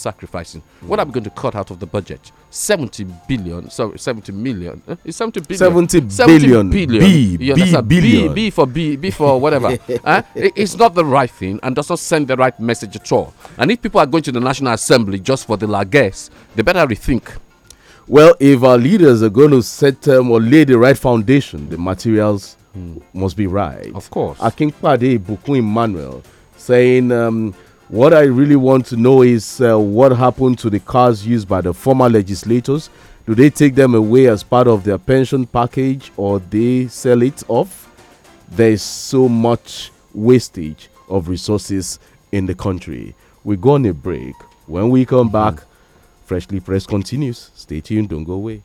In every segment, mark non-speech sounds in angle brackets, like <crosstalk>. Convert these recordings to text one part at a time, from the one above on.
sacrificing. Mm. What are we going to cut out of the budget? 70 billion, sorry, 70 million. Eh, it's 70 billion. 70, 70 billion. billion. B, B, billion. B, B for B, B for whatever. <laughs> eh? it's not the right thing and does not send the right message at all. And if people are going to the National Assembly just for the largesse, they better rethink. Well, if our leaders are going to set um, or lay the right foundation, the materials mm. must be right. Of course. I think Pade Bukun Emmanuel saying, um, what I really want to know is uh, what happened to the cars used by the former legislators. Do they take them away as part of their pension package or they sell it off? There is so much wastage of resources in the country. We go on a break. When we come back, Freshly Press continues. Stay tuned, don't go away.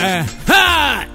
Uh.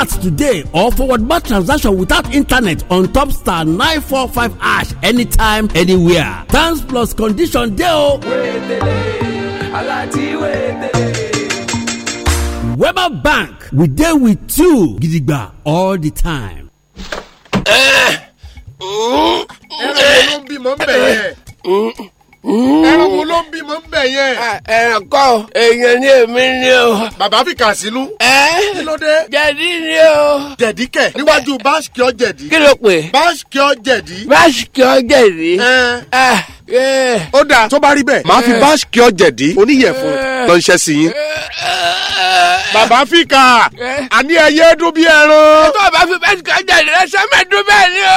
alert today or forward bar transaction without internet on top star 945 ash anytime anywhere thanks plus condition dey o. weber bank we dey with you gidigba all the time. Eh. Mm. ẹ̀rọ ló ń bímọ ń bẹ̀rẹ̀. Eh. Mm ẹran mm. wo ló ń bímọ ń bẹ yẹn. Ah, ẹran èèyàn ni èmi ni o. bàbá fi kà sílú. ẹ kí ló dé. jẹ̀dí ni o. jẹ̀dí kẹ̀ níwájú báṣkìọ́ jẹ̀dí. kí ló pè. báṣkìọ́ jẹ̀dí. báṣkìọ́ jẹ̀dí. ó dáa tó bá rí bẹ́ẹ̀ máa fi báṣkìọ́ jẹ̀dí oníyẹ̀fun lọ ń ṣẹ́ sí yín. bàbá fi kà àní ẹyẹ dún bí ẹran. ẹ bá fi báṣkìọ́ jẹ̀dí rẹ sẹ́mẹ̀ẹ́dún bẹ́ẹ̀ ni o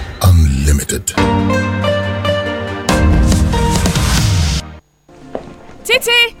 Unlimited. Titi!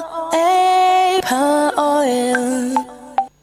oil, ape oil.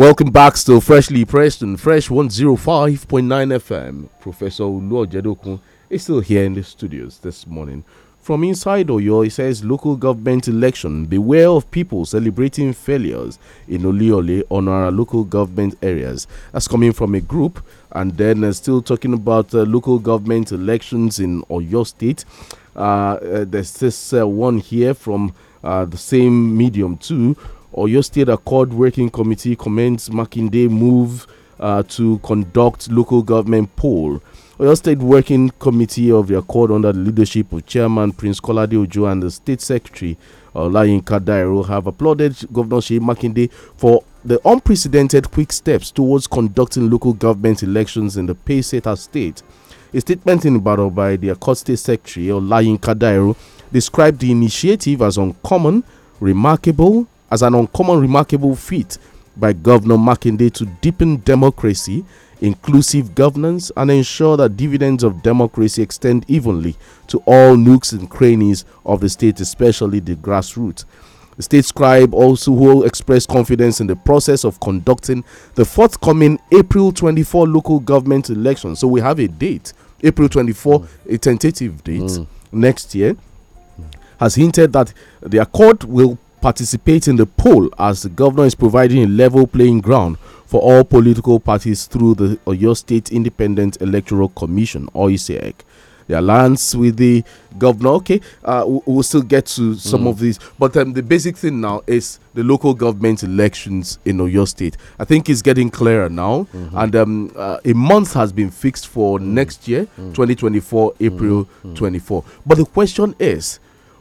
Welcome back to Freshly Pressed and Fresh 105.9 FM. Professor Ulu Jedokun is still here in the studios this morning. From inside Oyo, he says local government election, beware of people celebrating failures in Oliole on our local government areas. That's coming from a group. And then uh, still talking about uh, local government elections in Oyo State. Uh, uh there's this uh, one here from uh, the same medium too Oyo State Accord Working Committee commends Makinde move uh, to conduct local government poll. Oyo State Working Committee of the Accord under the leadership of Chairman Prince Kolade Ojo and the State Secretary Olayinka uh, have applauded Governor Sheikh Makinde for the unprecedented quick steps towards conducting local government elections in the Payseta state. A statement in Ibadan by the Accord State Secretary Olayinka Dairo described the initiative as uncommon, remarkable, as an uncommon remarkable feat by Governor Makinde to deepen democracy, inclusive governance, and ensure that dividends of democracy extend evenly to all nooks and crannies of the state, especially the grassroots. The state scribe also who expressed confidence in the process of conducting the forthcoming April 24 local government election. So we have a date, April 24, mm. a tentative date mm. next year. Has hinted that the Accord will participate in the poll as the governor is providing a level playing ground for all political parties through the Oyo State Independent Electoral Commission, or The alliance with the governor, okay, uh, we'll still get to some mm. of these. But um, the basic thing now is the local government elections in Oyo State. I think it's getting clearer now. Mm -hmm. And um, uh, a month has been fixed for mm. next year, mm. 2024, April mm. Mm. 24. But the question is,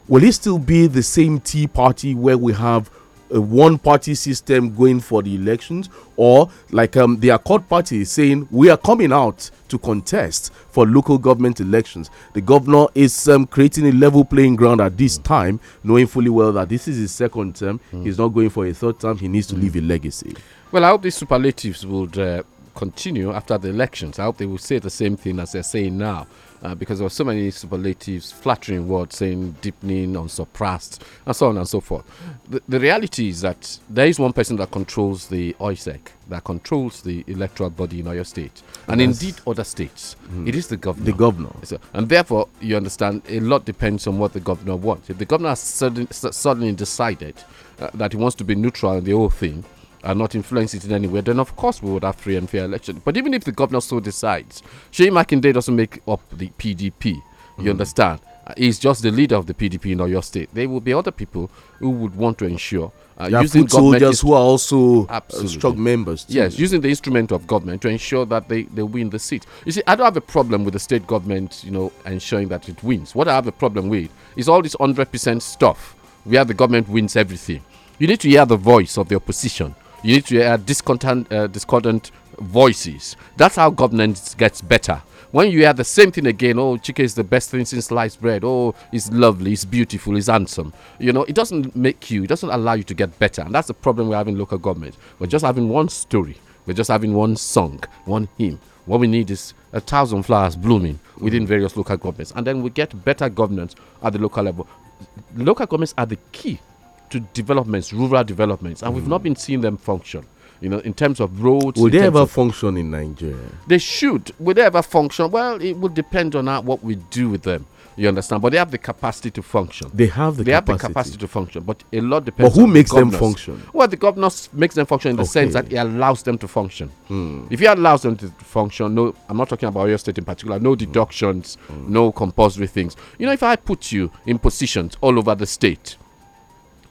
will it still be the same Tea Party where we have a one party system going for the elections or like um, the accord party is saying we are coming out to contest for local government elections the governor is um, creating a level playing ground at this mm. time knowing fully well that this is his second term mm. he's not going for a third term he needs to mm. leave a legacy well i hope these superlatives would uh, continue after the elections i hope they will say the same thing as they're saying now uh, because there were so many superlatives, flattering words, saying deepening, unsurpassed, and so on and so forth. The, the reality is that there is one person that controls the OISEC, that controls the electoral body in your State, and yes. indeed other states. Mm. It is the governor. The governor. So, and therefore, you understand, a lot depends on what the governor wants. If the governor has suddenly decided uh, that he wants to be neutral in the whole thing, and not influence it in any way, then of course we would have free and fair election. But even if the governor so decides, Shane Makinde doesn't make up the PDP. You mm -hmm. understand? Uh, he's just the leader of the PDP in your state. There will be other people who would want to ensure uh, using soldiers who are also uh, strong members. Too. Yes, using the instrument of government to ensure that they, they win the seat. You see, I don't have a problem with the state government, you know, ensuring that it wins. What I have a problem with is all this hundred percent stuff where the government wins everything. You need to hear the voice of the opposition you need to hear discontent, uh, discordant voices. That's how governance gets better. When you hear the same thing again, oh, chicken is the best thing since sliced bread. Oh, it's lovely, it's beautiful, it's handsome. You know, it doesn't make you, it doesn't allow you to get better. And that's the problem we're having local government. We're just having one story. We're just having one song, one hymn. What we need is a thousand flowers blooming within mm. various local governments. And then we get better governance at the local level. Local governments are the key to developments, rural developments, and mm. we've not been seeing them function. You know, in terms of roads. Will they ever function in Nigeria? They should. Will they ever function? Well, it will depend on how, what we do with them. You understand? But they have the capacity to function. They have the. They capacity. have the capacity to function, but a lot depends. But who makes the them function? Well, the governors makes them function in the okay. sense that it allows them to function. Hmm. If he allows them to function, no, I'm not talking about your state in particular. No hmm. deductions, hmm. no compulsory things. You know, if I put you in positions all over the state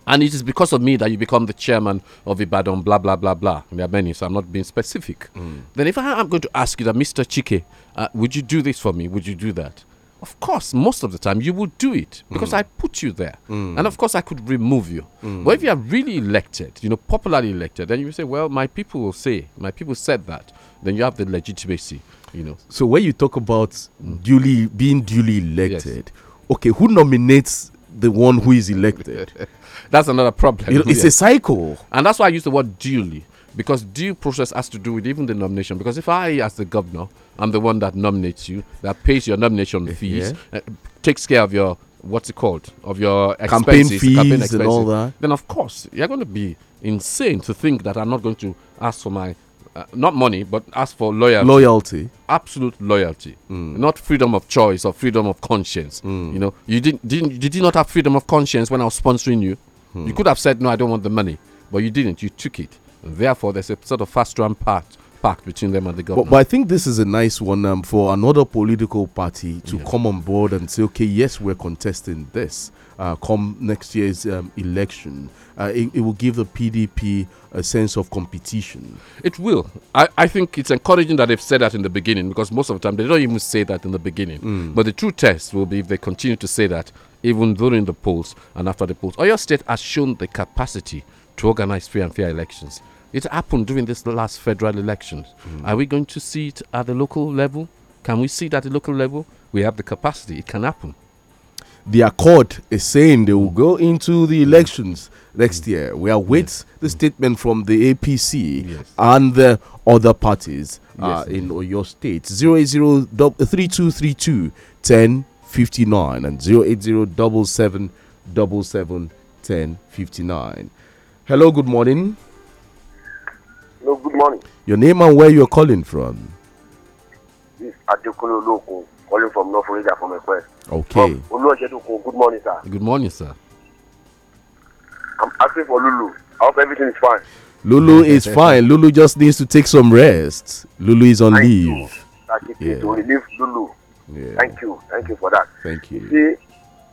and it is because of me that you become the chairman of Ibadan, blah, blah, blah, blah. there are many, so I'm not being specific. Mm. Then if I am going to ask you that, Mr. Chike, uh, would you do this for me? Would you do that? Of course, most of the time you would do it because mm. I put you there. Mm. And of course, I could remove you. Mm. But if you are really elected, you know, popularly elected, then you say, well, my people will say, my people said that. Then you have the legitimacy, you know. So when you talk about mm. duly being duly elected, yes. okay, who nominates the one who is elected? <laughs> that's another problem. You know, it's <laughs> yeah. a cycle. And that's why I use the word duly, because due process has to do with even the nomination. Because if I, as the governor, I'm the one that nominates you, that pays your nomination eh, fees, yeah. uh, takes care of your what's it called of your expenses, campaign fees campaign expenses, and all that, then of course you're going to be insane to think that I'm not going to ask for my uh, not money, but ask for loyalty. Loyalty. Absolute loyalty. Mm. Not freedom of choice or freedom of conscience. Mm. You know, you didn't, didn't you did not have freedom of conscience when I was sponsoring you. Hmm. You could have said, no, I don't want the money, but you didn't. You took it. And therefore, there's a sort of fast run pact, pact between them and the government. But, but, I think this is a nice one um, for another political party to yes. come on board and say, okay, yes, we're contesting this. Uh, come next year's um, election, uh, it, it, will give the PDP a sense of competition. It will. I, I, think it's encouraging that they've said that in the beginning because most of the time they don't even say that in the beginning. Mm. But the true test will be if they continue to say that even during the polls and after the polls. Oyo State has shown the capacity to organize free and fair elections. It happened during this last federal election. Mm. Are we going to see it at the local level? Can we see it at the local level? We have the capacity, it can happen. The accord is saying they will go into the elections next year. We await yes. the statement from the APC yes. and the other parties uh, yes, uh, in Oyo State. 080 10 59 and 080 Hello, good morning. Hello, good morning. Your name and where you're calling from? This is Adekunle Olokun, calling from North Florida from Equest. Okay. good morning, sir. Good morning, sir. I'm asking for Lulu. I hope everything is fine. Lulu is <laughs> fine. Lulu just needs to take some rest. Lulu is on I leave. That is yeah. to relieve Lulu yeah. Thank you. Thank you for that. Thank you. you see,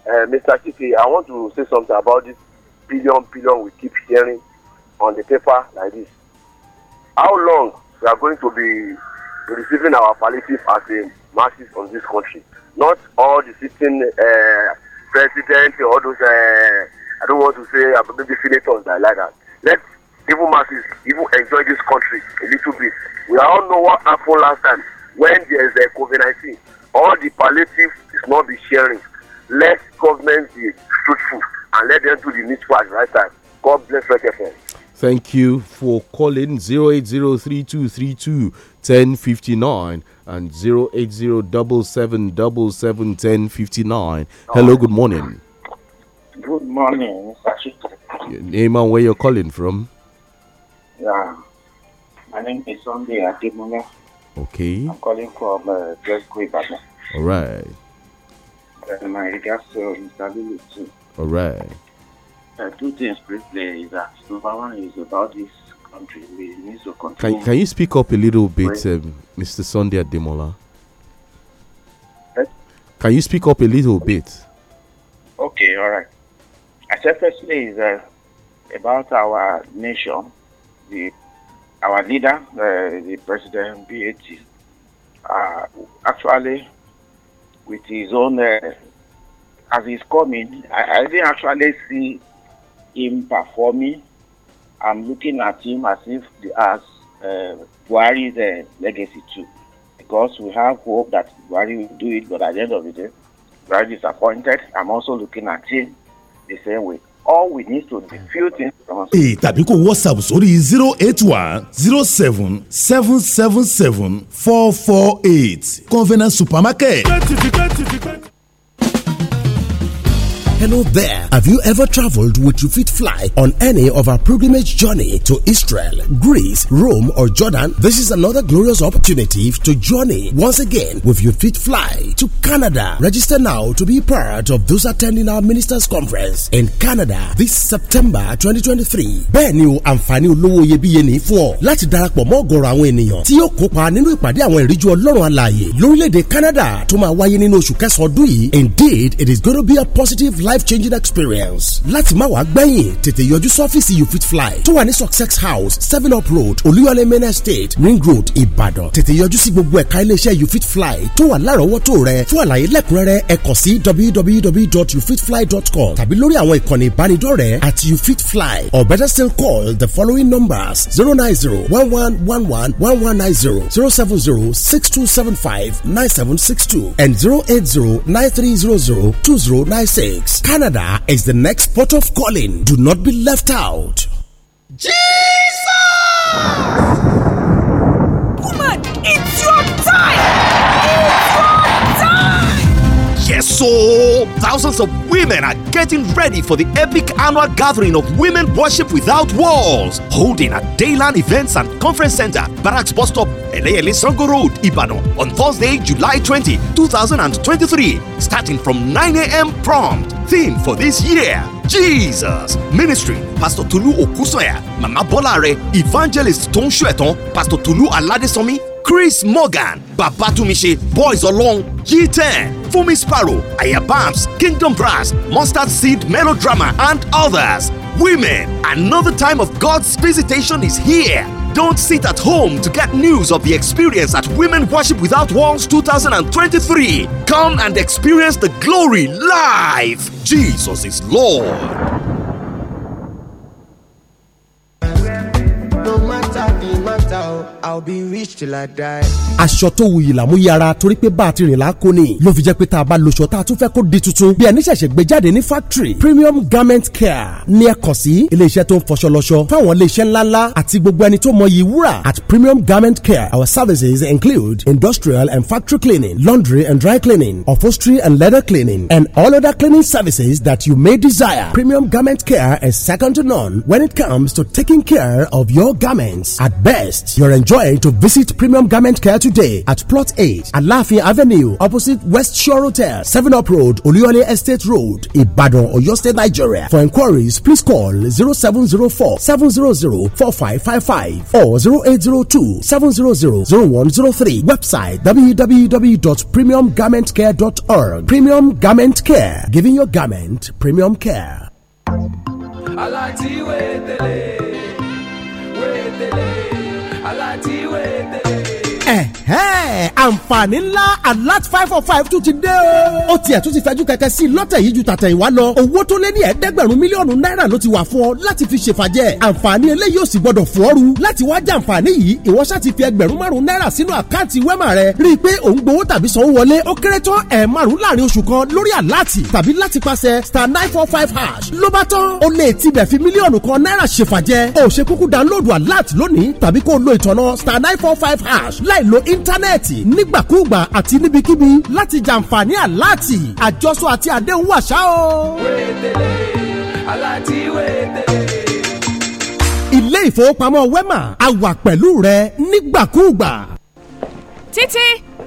uh, eh, Mr. Chike, I want to say something about this billion, billion we keep hearing on the paper like this. How long we are going to be receiving our palliative as a masses on this country? Not all the sitting uh, president, all those, uh, I don't want to say, uh, maybe senators that like that. Let even masses even enjoy this country a little bit. We all know what happened last time when there's a COVID 19 all the palliative is not the sharing let government be truthful and let them do the needful at the right time god bless record Thank you for calling 08032321059 and 08077771059. Hello, good morning. Good morning, Your name and where you're calling from? Yeah, my name is Sunday Ademola Okay. I'm calling from uh, Glasgow, Ibadan. All right. Uh, my regards to Mr. All right. Uh, two things briefly is that number one is about this country. We need to control. Can, can you speak up a little bit, um, Mr. Sunday Ademola? Yes? Can you speak up a little bit? Okay, all right. I said, firstly, is uh, about our nation, the our leader, uh, the president, BAT, uh, actually, with his own, uh, as he's coming, I, I didn't actually see him performing. I'm looking at him as if he as uh, Buhari's uh, legacy too, because we have hope that Buhari will do it, but at the end of the day, Buhari disappointed. I'm also looking at him the same way. all we need to diffuse things from. Eh, tàbí kó whatsapp sórí zero eight one zero seven seven seven seven four four eight convenience supermarket. Hello there. Have you ever traveled with your feet fly on any of our pilgrimage journey to Israel, Greece, Rome, or Jordan? This is another glorious opportunity to journey once again with your feet fly to Canada. Register now to be part of those attending our ministers' conference in Canada this September 2023. Bẹ́ẹ̀ni o, and olowo olówó iyebíye ní ọ láti darapọ̀ mọ́ ọ̀gọ̀rọ̀ àwọn ènìyàn tí yóò kópa nínú ìpàdé àwọn ìríjú ọlọ́run alààyè Canada to ma máa wáyé nínú oṣù kẹsàn-án ọdún yìí. Indeed, it is going to be a positive life life changing experience. láti má wàá gbẹ̀yìn tètè yọjú sọ́fíìsì you fit fly tó wà ní success house seven up road olúyọlé main estate ring road ìbàdàn tètè yọjú sí gbogbo ẹ̀ka iléeṣẹ́ you fit fly tó wà lárọ̀ọ́wọ́tò rẹ fún àlàyé lẹ́kùnrẹ́rẹ́ ẹ kàn sí www.youfitfly.com tàbí lórí àwọn ìkànnì ìbánidọ́rẹ̀ẹ́ at you fit fly or better still call the following numbers zero nine zero one one one one one one nine zero zero seven zero six two seven five nine seven six two and zero eight zero nine three zero zero two zero nine six. Canada is the next port of calling. Do not be left out. Jesus! Woman, it's your time! It's your So, thousands of women are getting ready for the epic annual gathering of Women Worship Without Walls, holding at Dayland Events and Conference Center, Barracks Bus Stop, Eleyele Sango Road, Ibadan, on Thursday, July 20, 2023, starting from 9 a.m. prompt. Theme for this year Jesus Ministry Pastor Tolu Okusoya, Mama Bolare, Evangelist Tonshueton, Pastor Tolu Aladesomi, chris morgan babatumise boys along g10 fumi sparrow ayabams kingdom brass mustard seed melodrama and others women another time of god's visitation is here don't sit at home to get news of the experience at Women Worship Without Walls 2023. Come and experience the glory live. Jesus is Lord. I'll be rich till I die. aṣọ tó wuyì làmúyẹ ara torí pé bá a ti rìn láko ni ló fi jẹ́ pé tá a bá lòṣọ tá a tún fẹ́ kó di tuntun bí ẹni ṣẹ̀ṣẹ̀ gbé jáde ní factory premium garment care ní ẹ̀kọ́ sí iléeṣẹ́ tó ń fọṣọ lọ́ṣọ fáwọn iléeṣẹ́ ńláńlá àti gbogbo ẹni tó mọyì wúrà at premium garment care our services include industrial and factory cleaning laundry and dry cleaning upholstery and leather cleaning and all other cleaning services that you may desire premium garment care is second to none when it comes to taking care of your garments at best you're enjoying enjoy to visit Premium Garment Care today at Plot 8 Alafia Avenue, opposite West Shore Hotel, 7 Up Road, Oluyole Estate Road, Ibadan, Oyo State, Nigeria. For inquiries, please call 0704 700 4555 or 0802 700 0103. Website www.premiumgarmentcare.org. Premium Garment Care, giving your garment premium care. àǹfààní ńlá alert five four five tún ti dé o. ó tiẹ̀ tún ti fẹ́jú kẹ̀kẹ́ sí lọ́tẹ̀ yìí ju tàtẹ̀ ìwá lọ. owó tó lé ní ẹ̀ẹ́dẹ́gbẹ̀rún mílíọ̀nù náírà ló ti wà fún ọ láti fi ṣèfàjẹ́. àǹfààní eléyìí ò sì gbọdọ̀ fún ọ́rù. láti wá jẹ àǹfààní yìí ìwọ ṣá ti fi ẹgbẹ̀rún márùn náírà sínú àkáǹtì wẹ́mà rẹ. rí i pé ò ń gbowó tàbí sanwó wọlé ó kéré tán ẹ̀ márùn láàrin oṣù kan lórí àláàtì tàbí láti pàṣẹ star nine four five hash ló bá tán. o lè tibẹ̀ fi mílíọ̀nù kan náírà ṣèfàjẹ́. o ṣe kúkú download alert lónìí tàbí kó o lo ìtọ̀nà star nine four five hash láì lo íńtánẹ́ẹ̀tì nígbàkúùgbà àti níbikíbi láti jàǹfààní àláàtì àjọsọ àti àdéhùn àṣà o. wéètèlè aláàtì wéètèlè ilé ìfowópamọ́ wema a wà pẹ̀lú rẹ nígbàkúùgbà. títí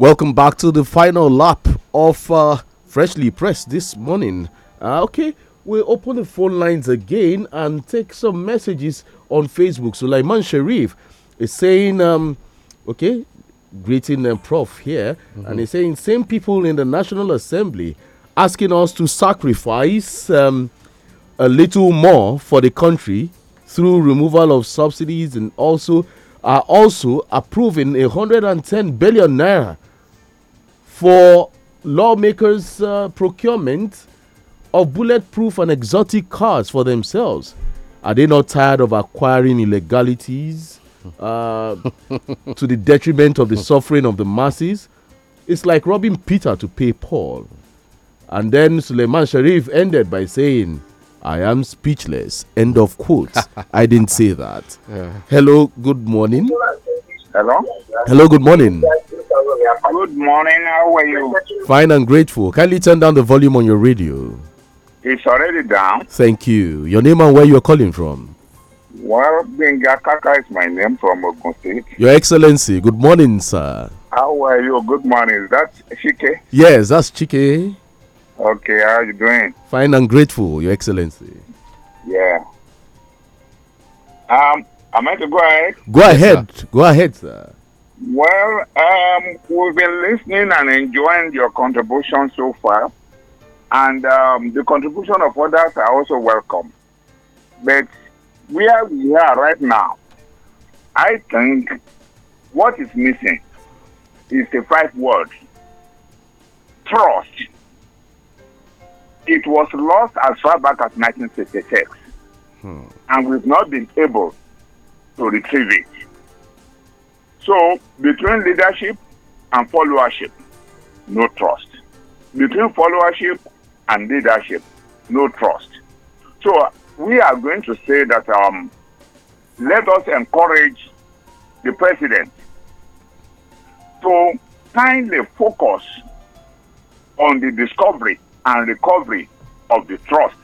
Welcome back to the final lap of uh, Freshly Pressed this morning. Uh, okay, we'll open the phone lines again and take some messages on Facebook. So, like Man Sharif is saying, um, okay, greeting the uh, Prof here, mm -hmm. and he's saying, same people in the National Assembly asking us to sacrifice um, a little more for the country through removal of subsidies and also are also approving 110 billion naira for lawmakers' uh, procurement of bulletproof and exotic cars for themselves? Are they not tired of acquiring illegalities uh, <laughs> to the detriment of the suffering of the masses? It's like robbing Peter to pay Paul. And then Suleiman Sharif ended by saying, I am speechless. End of quote. <laughs> I didn't say that. Yeah. Hello, good morning. Hello. Hello, good morning. Good morning. How are you? Fine and grateful. Kindly turn down the volume on your radio. It's already down. Thank you. Your name and where you're calling from? Well, Benga Kaka is my name from Ogun State. Your Excellency, good morning, sir. How are you? Good morning. Is that Chike? Yes, that's Chike. Okay, how are you doing? Fine and grateful, Your Excellency. Yeah. Um, am meant to go ahead? Go ahead. Go ahead, sir. Well, um, we've been listening and enjoying your contribution so far, and um, the contribution of others are also welcome. But where we are right now, I think what is missing is the five words trust. It was lost as far back as 1966, hmm. and we've not been able to retrieve it. So between leadership and followership, no trust. Between followership and leadership, no trust. So we are going to say that um, let us encourage the president to kindly focus on the discovery and recovery of the trust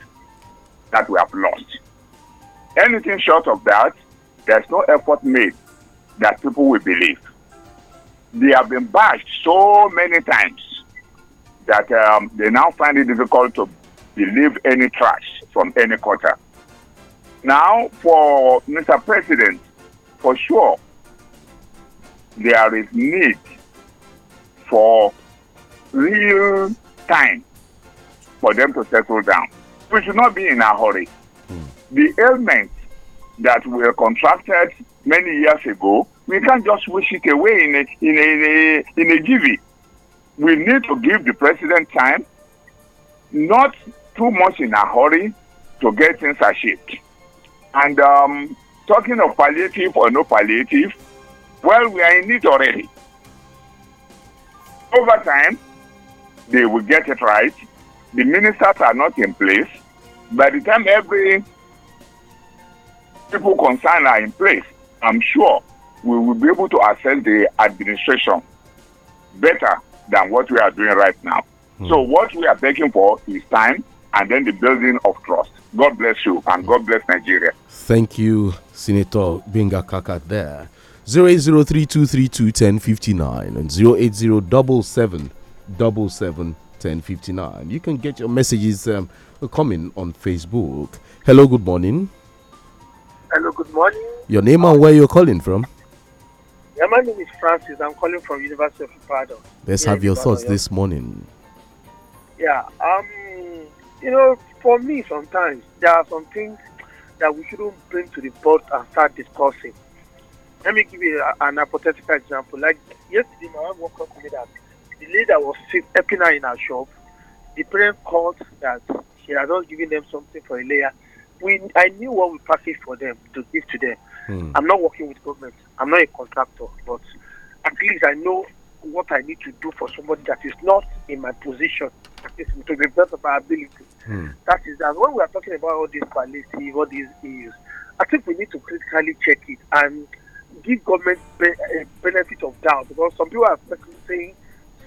that we have lost. Anything short of that, there's no effort made that people will believe. They have been bashed so many times that um, they now find it difficult to believe any trash from any quarter. Now, for Mr. President, for sure, there is need for real time for them to settle down. We should not be in a hurry. Mm. The ailments that were contracted many years ago, we can't just wish it away in a, in a, in a, in a We need to give the president time, not too much in a hurry to get things achieved. And um, talking of palliative or no palliative, well, we are in it already. Over time, they will get it right. The ministers are not in place. By the time every people concerned are in place, I'm sure we will be able to assess the administration better than what we are doing right now. Mm. So, what we are begging for is time and then the building of trust. God bless you and mm. God bless Nigeria. Thank you, Senator Binga Kaka there. 08032321059 and 08077771059. You can get your messages um, coming on Facebook. Hello, good morning. Hello, good morning. Your name and where you're calling from? Yeah, my name is Francis. I'm calling from University of Prado. Let's have your thoughts yeah. this morning. Yeah, um, you know, for me, sometimes there are some things that we shouldn't bring to the board and start discussing. Let me give you a, an hypothetical example. Like yesterday, my wife woke up to me that the lady that was helping her in her shop, the parent called that she had not given them something for a layer we I knew what we practiced for them to give to them. Hmm. I'm not working with government. I'm not a contractor, but at least I know what I need to do for somebody that is not in my position, to the best of my ability. Hmm. That is, and when we are talking about all these quality, all these issues, I think we need to critically check it and give government be, a eh, benefit of doubt because some people are saying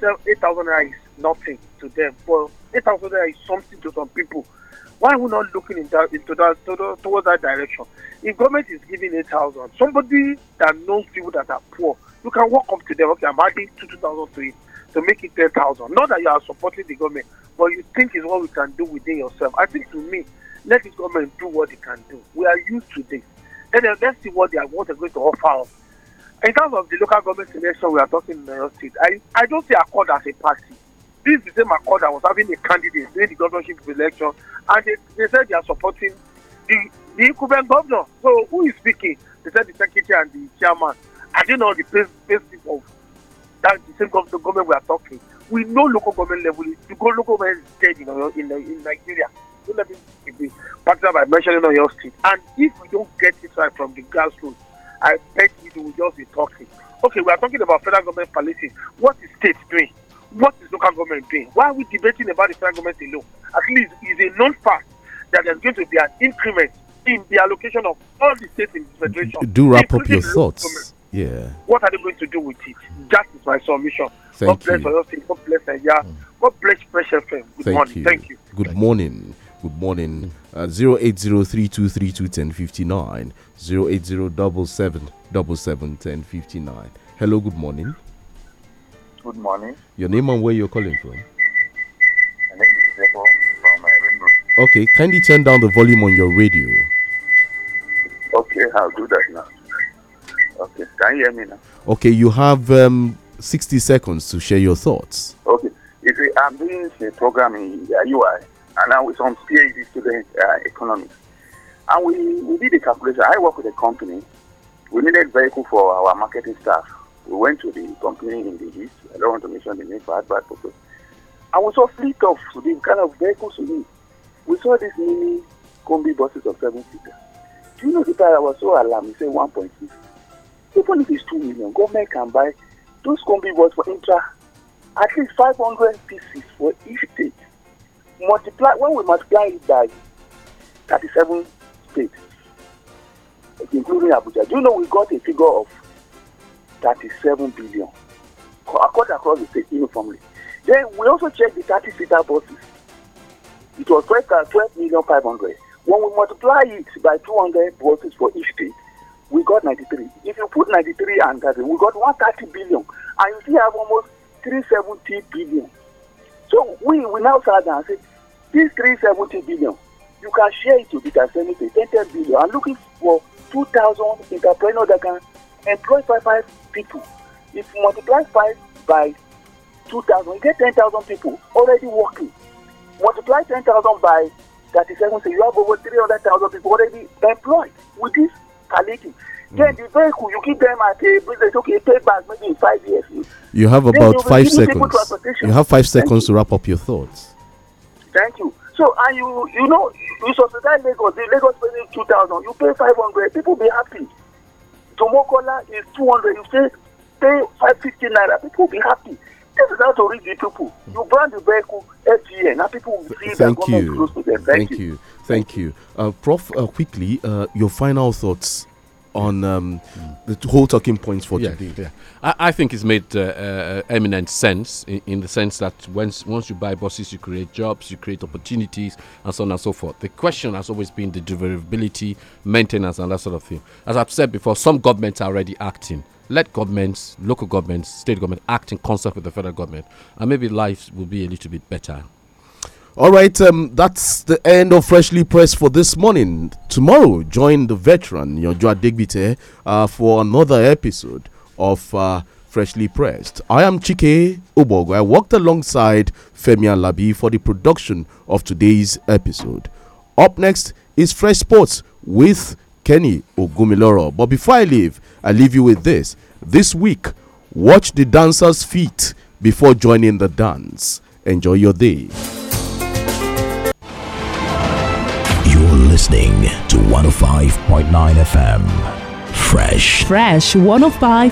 8,000 is nothing to them, but 8,000 is something to some people. Why are we not looking in that, into that to towards that direction? If government is giving eight thousand, somebody that knows people that are poor, you can walk up to them. Okay, I'm adding two two thousand to it to make it ten thousand. Not that you are supporting the government, but you think is what we can do within yourself. I think to me, let the government do what they can do. We are used to this. Then uh, let's see what they are what they're going to offer us. In terms of the local government election we are talking in the I, I don't see Accord as a party. This is the same accord that was having a candidate during the governorship election, and they, they said they are supporting the, the incumbent governor. So who is speaking? They said the secretary and the chairman. I didn't know the place of that the same government, government we are talking. We know local government level. The local government is dead in, in, in Nigeria. Don't let me be backed by mentioning on your street. And if we don't get it right from the grassroots, I bet you will just be talking. Okay, we are talking about federal government policies. What is state doing? local government being. Why are we debating about the federal government alone? At least it's a known fact that there's going to be an increment in the allocation of all the states in this federation. Do wrap up your thoughts. Yeah. What are they going to do with it? That is my submission. Thank God bless you. God bless Nigeria. Mm. God bless Fresh FM. Good Thank morning. You. Thank you. Good Thank morning. You. Good morning. Uh, 08032321059. Hello, good morning. Good morning. Your name and where you're calling from? My name is from Okay, kindly turn down the volume on your radio. Okay, I'll do that now. Okay, can you hear me now? Okay, you have um, 60 seconds to share your thoughts. Okay, if I'm doing a uh, program in UI, uh, and now was on PhD student uh, economics. And we, we did a calculation. I work with a company. We needed vehicle for our marketing staff we went to the company in the east. I don't want to mention the name for that bad purpose. And we saw fleet of the kind of vehicles we need. We saw these mini combi buses of seven seaters. Do you know the price? I was so alarmed. We said 1.6. Even if it's 2 million, government can buy those combi buses for intra at least 500 pieces for each state. Multiply when we multiply it by 37 states, including Abuja. Do you know we got a figure of 37 billion According uh, across the state uniformly. Then we also checked the 30 seater buses. It was 12, uh, 12 million 500. When we multiply it by 200 buses for each state, we got 93. If you put 93 and 30, we got 130 billion. And you still have almost 370 billion. So we, we now sat down and said, this 370 billion, you can share it to the Tanzania, 10 billion. I'm looking for 2,000 entrepreneurs that can employ five people. If you multiply 5 by 2,000, you get 10,000 people already working. Multiply 10,000 by 37, so you have over 300,000 people already employed with this quality. Mm. Then the vehicle, you give them at a business, okay, pay back maybe in five years. You have about five seconds. You have five seconds to wrap up your thoughts. Thank you. So, and you you know, you subsidize Lagos, the Lagos pays 2,000, you pay 500, people be happy. Tomokola is 200, you say, pay 550 naira, people will be happy. This is how to reach the people. Hmm. You brand the vehicle FGN, now people will see Thank you. Thank, Thank you. you. Thank you. Uh, Prof, uh, quickly, uh, your final thoughts on um, mm. the whole talking points for yeah, today. Yeah. I, I, think it's made uh, uh, eminent sense in, in, the sense that once once you buy buses, you create jobs, you create opportunities, and so on and so forth. The question has always been the durability, maintenance, and that sort of thing. As I've said before, some governments are already acting. Let governments, local governments, state government act in concert with the federal government, and maybe life will be a little bit better. All right, um, that's the end of Freshly Pressed for this morning. Tomorrow, join the veteran, Yonjua Digbite, uh, for another episode of uh, Freshly Pressed. I am Chike Ubogo. I worked alongside Femi Labi for the production of today's episode. Up next is Fresh Sports with Kenny Ogumiloro. But before I leave, I leave you with this. This week, watch the dancer's feet before joining the dance. Enjoy your day. listening to 105.9 FM. Fresh. Fresh 105.9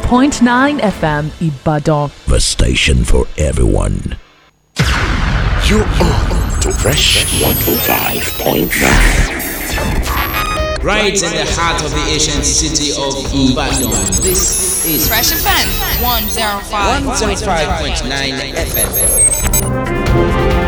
FM Ibadan. The station for everyone. You are to Fresh 105.9. Right in the heart of the ancient city of Ibadan. This is Fresh FM 105.9 FM.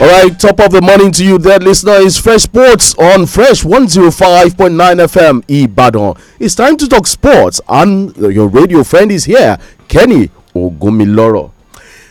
All right, top of the morning to you, there, listener. Is Fresh Sports on Fresh 105.9 FM Ibadan. It's time to talk sports, and your radio friend is here, Kenny Ogumiloro.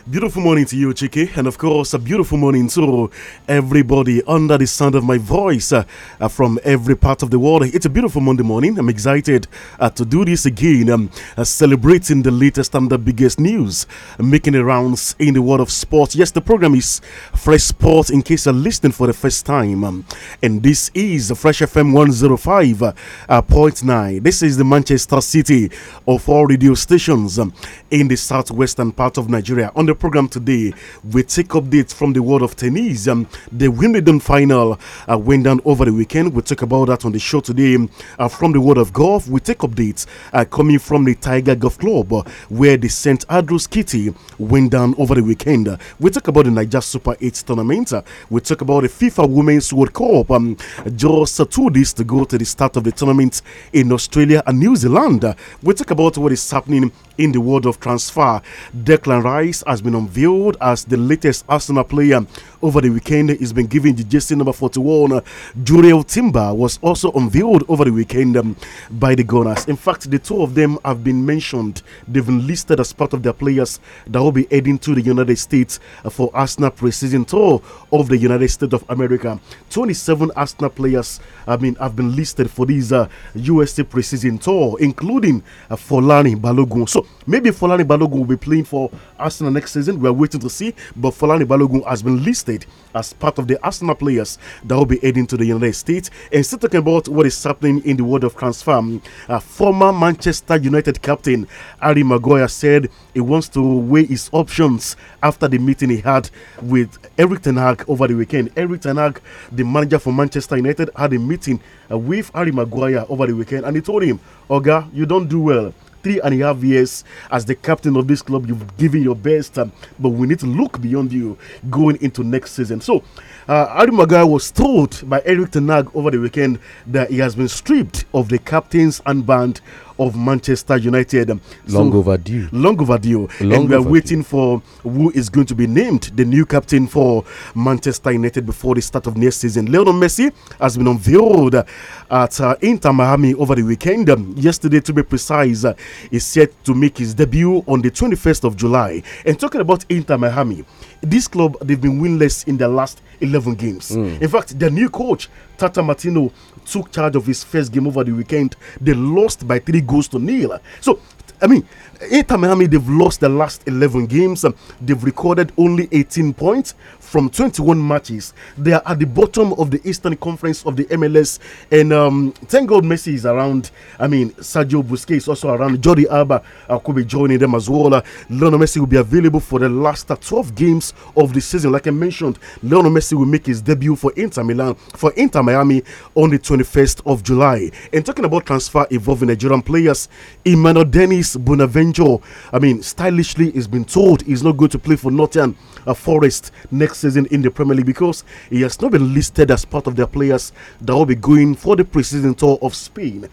Beautiful morning to you, Chiki, and of course, a beautiful morning to everybody under the sound of my voice uh, uh from every part of the world. It's a beautiful Monday morning. I'm excited uh, to do this again, um, uh, celebrating the latest and the biggest news making the rounds in the world of sports. Yes, the program is Fresh Sports in case you're listening for the first time, um, and this is Fresh FM 105.9. Uh, this is the Manchester City of all radio stations um, in the southwestern part of Nigeria. On the program today, we take updates from the world of tennis. Um, the Wimbledon final uh, went down over the weekend. we talk about that on the show today. Um, uh, from the world of golf, we take updates uh, coming from the Tiger Golf Club, uh, where the St. Andrews Kitty went down over the weekend. Uh, we talk about the Niger Super 8 tournament. we uh, we talk about the FIFA Women's World Cup. Um, just two days to go to the start of the tournament in Australia and New Zealand. we we talk about what is happening in the world of transfer. Declan Rice has been unveiled as the latest Arsenal player over the weekend. He's been given the jersey number 41. Juriel Timber was also unveiled over the weekend um, by the Gunners. In fact, the two of them have been mentioned. They've been listed as part of their players that will be heading to the United States for Arsenal preseason tour of the United States of America. 27 Arsenal players, I mean, have been listed for this uh, USA preseason tour, including uh, Folani Balogun. So Maybe Folani Balogun will be playing for Arsenal next season. We are waiting to see. But Folani Balogun has been listed as part of the Arsenal players that will be heading to the United States. And still talking about what is happening in the world of transfer, um, uh, former Manchester United captain Harry Maguire said he wants to weigh his options after the meeting he had with Eric Ten Hag over the weekend. Eric Ten Hag, the manager for Manchester United, had a meeting uh, with Harry Maguire over the weekend and he told him, Oga, you don't do well three and a half years as the captain of this club. You've given your best, um, but we need to look beyond you going into next season. So, uh, Adi Maguire was told by Eric Tenag over the weekend that he has been stripped of the captain's armband of Manchester United. Long so, overdue. Long overdue. Long and we are waiting for who is going to be named the new captain for Manchester United before the start of next season. Lionel Messi has been unveiled at uh, Inter Miami over the weekend. yesterday, to be precise, uh, is set to make his debut on the 21st of July. And talking about Inter Miami, this club they've been winless in their last 11 games. Mm. In fact, their new coach Tata Martino took charge of his first game over the weekend. They lost by three goals to nil. So I mean, Inter Miami, they've lost the last 11 games. Um, they've recorded only 18 points from 21 matches. They are at the bottom of the Eastern Conference of the MLS. And um, thank God Messi is around. I mean, Sergio Busquets is also around. Jordi Alba uh, could be joining them as well. Uh, Lionel Messi will be available for the last uh, 12 games of the season. Like I mentioned, Lionel Messi will make his debut for Inter Milan, for Inter Miami on the 21st of July. And talking about transfer involving Nigerian players, Emmanuel Dennis Bonaventure, I mean, stylishly, has been told he's not going to play for Nottingham uh, Forest next season in the Premier League because he has not been listed as part of the players that will be going for the preseason tour of Spain.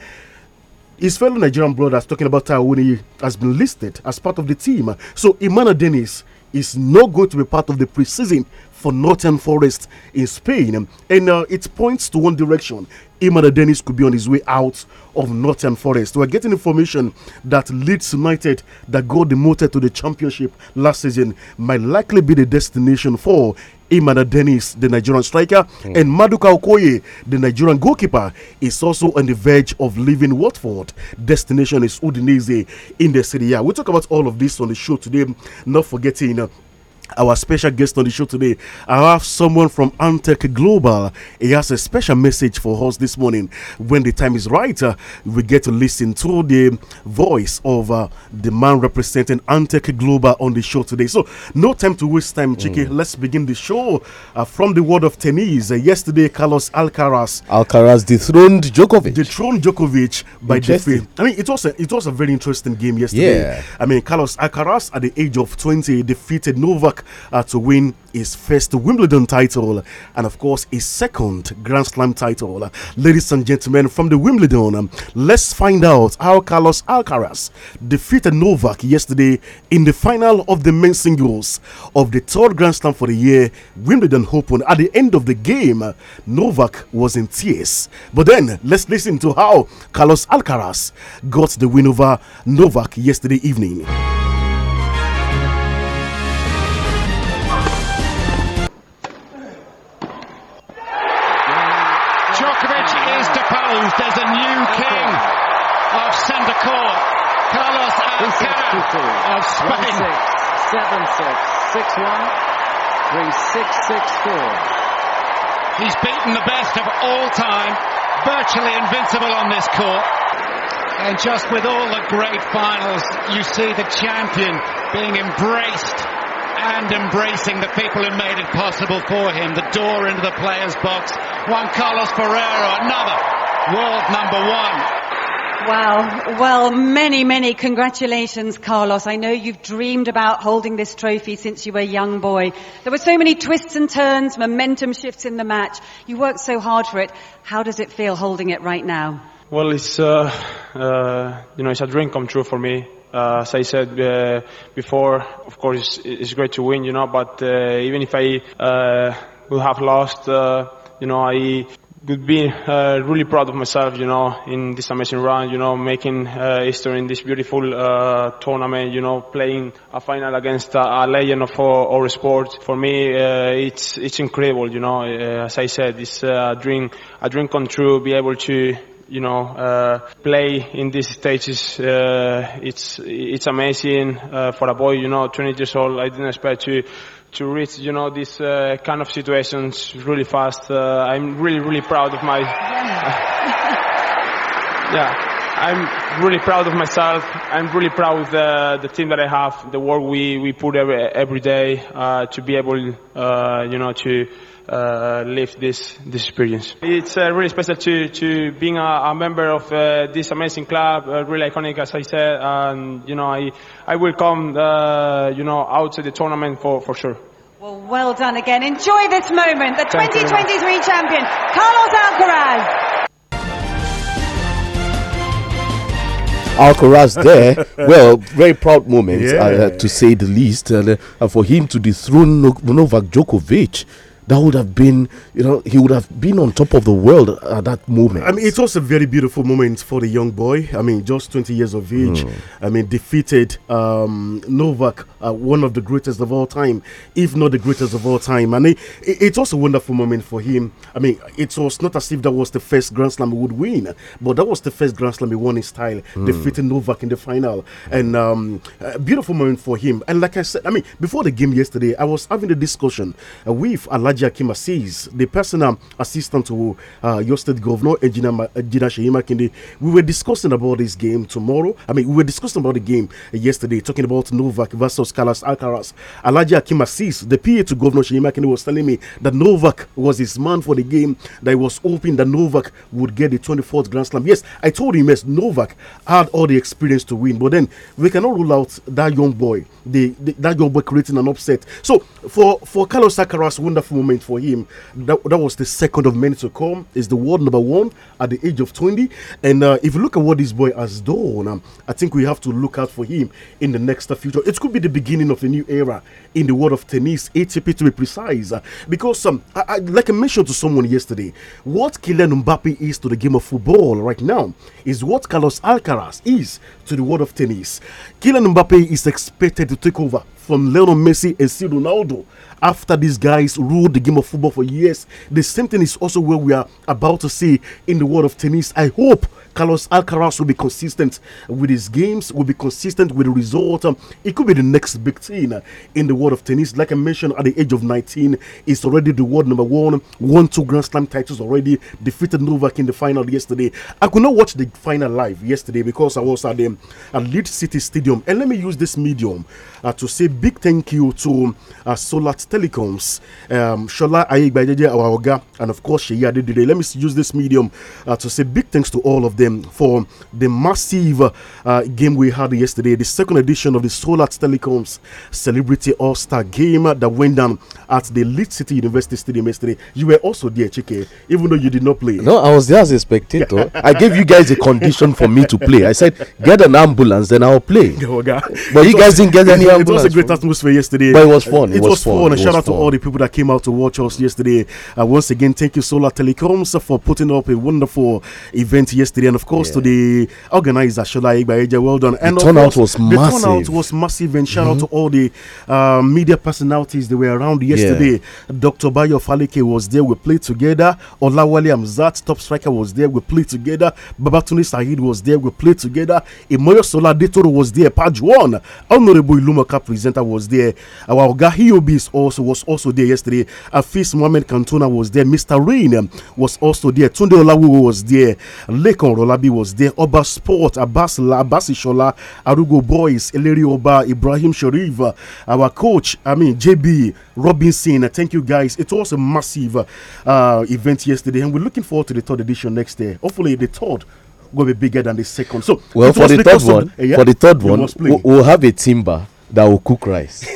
His fellow Nigerian brothers talking about he has been listed as part of the team. So Imana Dennis is not going to be part of the preseason for Northern Forest in Spain. And uh, it points to one direction. Imada Dennis could be on his way out of Northern Forest. We're getting information that Leeds United, that got demoted to the Championship last season, might likely be the destination for Imada Dennis, the Nigerian striker, mm. and Maduka Okoye, the Nigerian goalkeeper, is also on the verge of leaving Watford. Destination is Udinese in the Serie We'll talk about all of this on the show today, not forgetting. Uh, our special guest on the show today. I have someone from Antec Global. He has a special message for us this morning. When the time is right, uh, we get to listen to the voice of uh, the man representing Antec Global on the show today. So, no time to waste time, Chiki. Mm. Let's begin the show uh, from the world of tennis. Uh, yesterday, Carlos Alcaraz Alcaraz dethroned Djokovic. Dethroned Djokovic by defeat. I mean, it was a it was a very interesting game yesterday. Yeah. I mean, Carlos Alcaraz at the age of 20 defeated Novak uh, to win his first Wimbledon title and, of course, his second Grand Slam title. Ladies and gentlemen, from the Wimbledon, um, let's find out how Carlos Alcaraz defeated Novak yesterday in the final of the men's singles of the third Grand Slam for the year, Wimbledon Open. At the end of the game, Novak was in tears. But then let's listen to how Carlos Alcaraz got the win over Novak yesterday evening. Bang. 7 6, 6 1, 3 6 6 4. He's beaten the best of all time, virtually invincible on this court. And just with all the great finals, you see the champion being embraced and embracing the people who made it possible for him. The door into the player's box. Juan Carlos Ferrero, another world number one. Wow. Well, many, many congratulations, Carlos. I know you've dreamed about holding this trophy since you were a young boy. There were so many twists and turns, momentum shifts in the match. You worked so hard for it. How does it feel holding it right now? Well, it's, uh, uh, you know, it's a dream come true for me. Uh, as I said uh, before, of course, it's, it's, great to win, you know, but uh, even if I uh, would have lost, uh, you know, I could be uh, really proud of myself, you know, in this amazing run, you know, making uh, history in this beautiful uh, tournament, you know, playing a final against a, legend of our, our sport. For me, uh, it's it's incredible, you know. Uh, as I said, it's uh, a dream, a dream come true. Be able to you know, uh, play in these stages. Uh, it's it's amazing uh, for a boy, you know, 20 years old. I didn't expect to to reach, you know, this uh, kind of situations really fast. Uh, I'm really, really proud of my. <laughs> yeah. I'm really proud of myself. I'm really proud of the, the team that I have, the work we, we put every, every day uh, to be able, uh, you know, to uh, live this this experience. It's uh, really special to to being a, a member of uh, this amazing club, uh, really iconic, as I said. And you know, I I will come, you know, out to the tournament for for sure. Well, well done again. Enjoy this moment. The Thank 2023 champion, Carlos Alcaraz. Alcaraz there. Well, very proud moment uh, yeah. uh, to say the least. And, uh, for him to dethrone Novak Djokovic that would have been, you know, he would have been on top of the world at that moment. I mean, it was a very beautiful moment for the young boy. I mean, just 20 years of age. Mm. I mean, defeated um, Novak, uh, one of the greatest of all time, if not the greatest of all time. And it, it, was a wonderful moment for him. I mean, it was not as if that was the first Grand Slam he would win, but that was the first Grand Slam he won in style, mm. defeating Novak in the final. And um, a beautiful moment for him. And like I said, I mean, before the game yesterday, I was having a discussion uh, with with Alad Alhaji Akim Aziz, the personal assistant to uh, your state governor, Engineer Jina Kinde. We were discussing about this game tomorrow. I mean, we were discussing about the game yesterday, talking about Novak versus Carlos Alcaraz. Alhaji Akim Aziz, the PA to Governor Shehima Kinde, was telling me that Novak was his man for the game, that he was hoping that Novak would get the 24th Grand Slam. Yes, I told him, yes, Novak had all the experience to win, but then we cannot rule out that young boy, the, the that young boy creating an upset. So for, for Carlos Alcaraz, wonderful moment for him. That, that was the second of many to come. Is the world number one at the age of 20. And uh, if you look at what this boy has done, um, I think we have to look out for him in the next future. It could be the beginning of a new era in the world of tennis, ATP to be precise. Uh, because, um, I, I, like I mentioned to someone yesterday, what Kylian Mbappe is to the game of football right now is what Carlos Alcaraz is to the world of tennis. Kylian Mbappe is expected to take over from Lionel Messi and still Ronaldo after these guys ruled the game of football for years. The same thing is also where we are about to see in the world of tennis. I hope Carlos Alcaraz will be consistent with his games, will be consistent with the result. Um, it could be the next big thing in the world of tennis. Like I mentioned, at the age of 19, he's already the world number one, won two Grand Slam titles already, defeated Novak in the final yesterday. I could not watch the final live yesterday because I was at the at Leeds City Stadium. And let me use this medium uh, to say big thank you to uh, Solar Telecoms, um, Shola Ayegbajeje, awaoga, and of course, Shea Adedide. Let me use this medium uh, to say big thanks to all of them them for the massive uh, game we had yesterday, the second edition of the Solar Telecoms Celebrity All Star Game that went down at the Leeds City University Stadium yesterday. You were also there, Chike, even though you did not play. No, I was there as a spectator. I gave you guys a condition for me to play. I said, get an ambulance, then I'll play. <laughs> but you guys didn't get any ambulance. It was a great atmosphere yesterday. But it was fun. It, it was, was, fun. fun. And shout out fun. to all the people that came out to watch us yesterday. Uh, once again, thank you, Solar Telecoms, for putting up a wonderful event yesterday and of course yeah. to the organizer Shola Igbaeje. Well done. And the turnout course, was massive. The turnout was massive, and shout mm -hmm. out to mm-hmm. all the uh, media personalities that were around yesterday. Yeah. Dr. Bayo Falike was there. We played together. Olawale Amzat, top striker, was there. We played together. Babatunde Saheed was there. We played together. Imoyo Sola Detoro was there. One, Honorable Ilumaka presenter was there. Our Gahiobis also was also there yesterday. Afis Mohamed Cantona was there. Mr. Rain was also there. Tunde Olawu was there. Lekon was there. Oba Sport, Abbas, Abbas Shola Arugo Boys, Eleri Oba, Ibrahim Sharif, uh, our coach, I mean, JB Robinson. Uh, thank you guys. It was a massive uh, event yesterday, and we're looking forward to the third edition next year. Hopefully, the third will be bigger than the second. So, well, for the, one, yeah, for the third one, for the third one, we'll have a timber that will cook rice.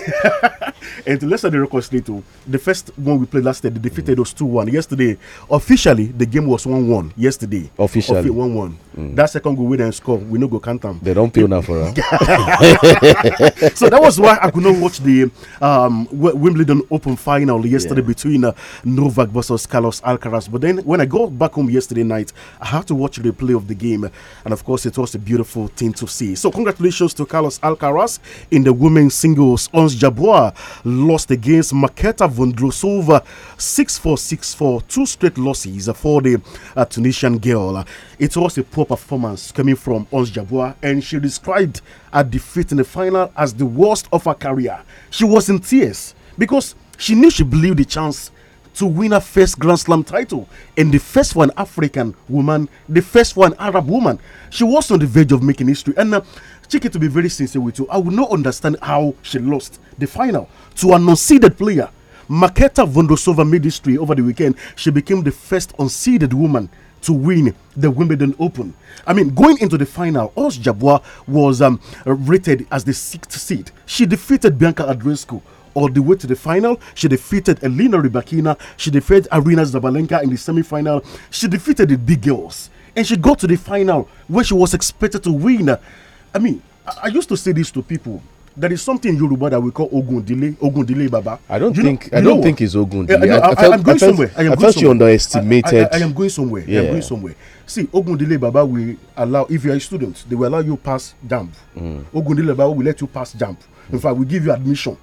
<laughs> and let's say the record slate, the first one we played last year, they defeated mm. us 2 1. Yesterday, officially, the game was 1 1. Yesterday, officially 1 1. Mm. That second goal, we then score. We no go count them. They don't feel now for us. <laughs> so that was why I could not watch the um, Wimbledon Open final yesterday yeah. between uh, Novak versus Carlos Alcaraz. But then when I got back home yesterday night, I had to watch the play of the game. And of course, it was a beautiful thing to see. So, congratulations to Carlos Alcaraz in the women's singles, Ons Jabua lost against Maketa Vondrosova 6 4 6 4, two straight losses for the uh, Tunisian girl. It was a poor performance coming from Ons Jabua, and she described her defeat in the final as the worst of her career. She was in tears because she knew she believed the chance to win her first Grand Slam title and the first one African woman, the first one Arab woman. She was on the verge of making history. And uh, Chike, to be very sincere with you, I would not understand how she lost the final to an unseeded player. Maketa Vondrosova made history over the weekend. She became the first unseeded woman to win the Wimbledon Open. I mean, going into the final, Os Jabwa was um, rated as the sixth seed. She defeated Bianca Andreescu all the way to the final. She defeated Elena Rybakina. She defeated Arina Zabalenka in the semi-final. She defeated the big girls. And she got to the final where she was expected to win I mean, I, I used to say this to people there is something in Yoruba that we call Ogun delay, Ogun delay, Baba. I don't you think know, eh, eh, I don't think it's Ogun delay. I, I, am going somewhere. I, am I thought you underestimated. I, am going somewhere. I am going somewhere. See, Ogun delay, Baba will allow if you are a student, they will allow you pass jump. Mm. Ogun delay, Baba will let you pass jump. In fact, we give you admission.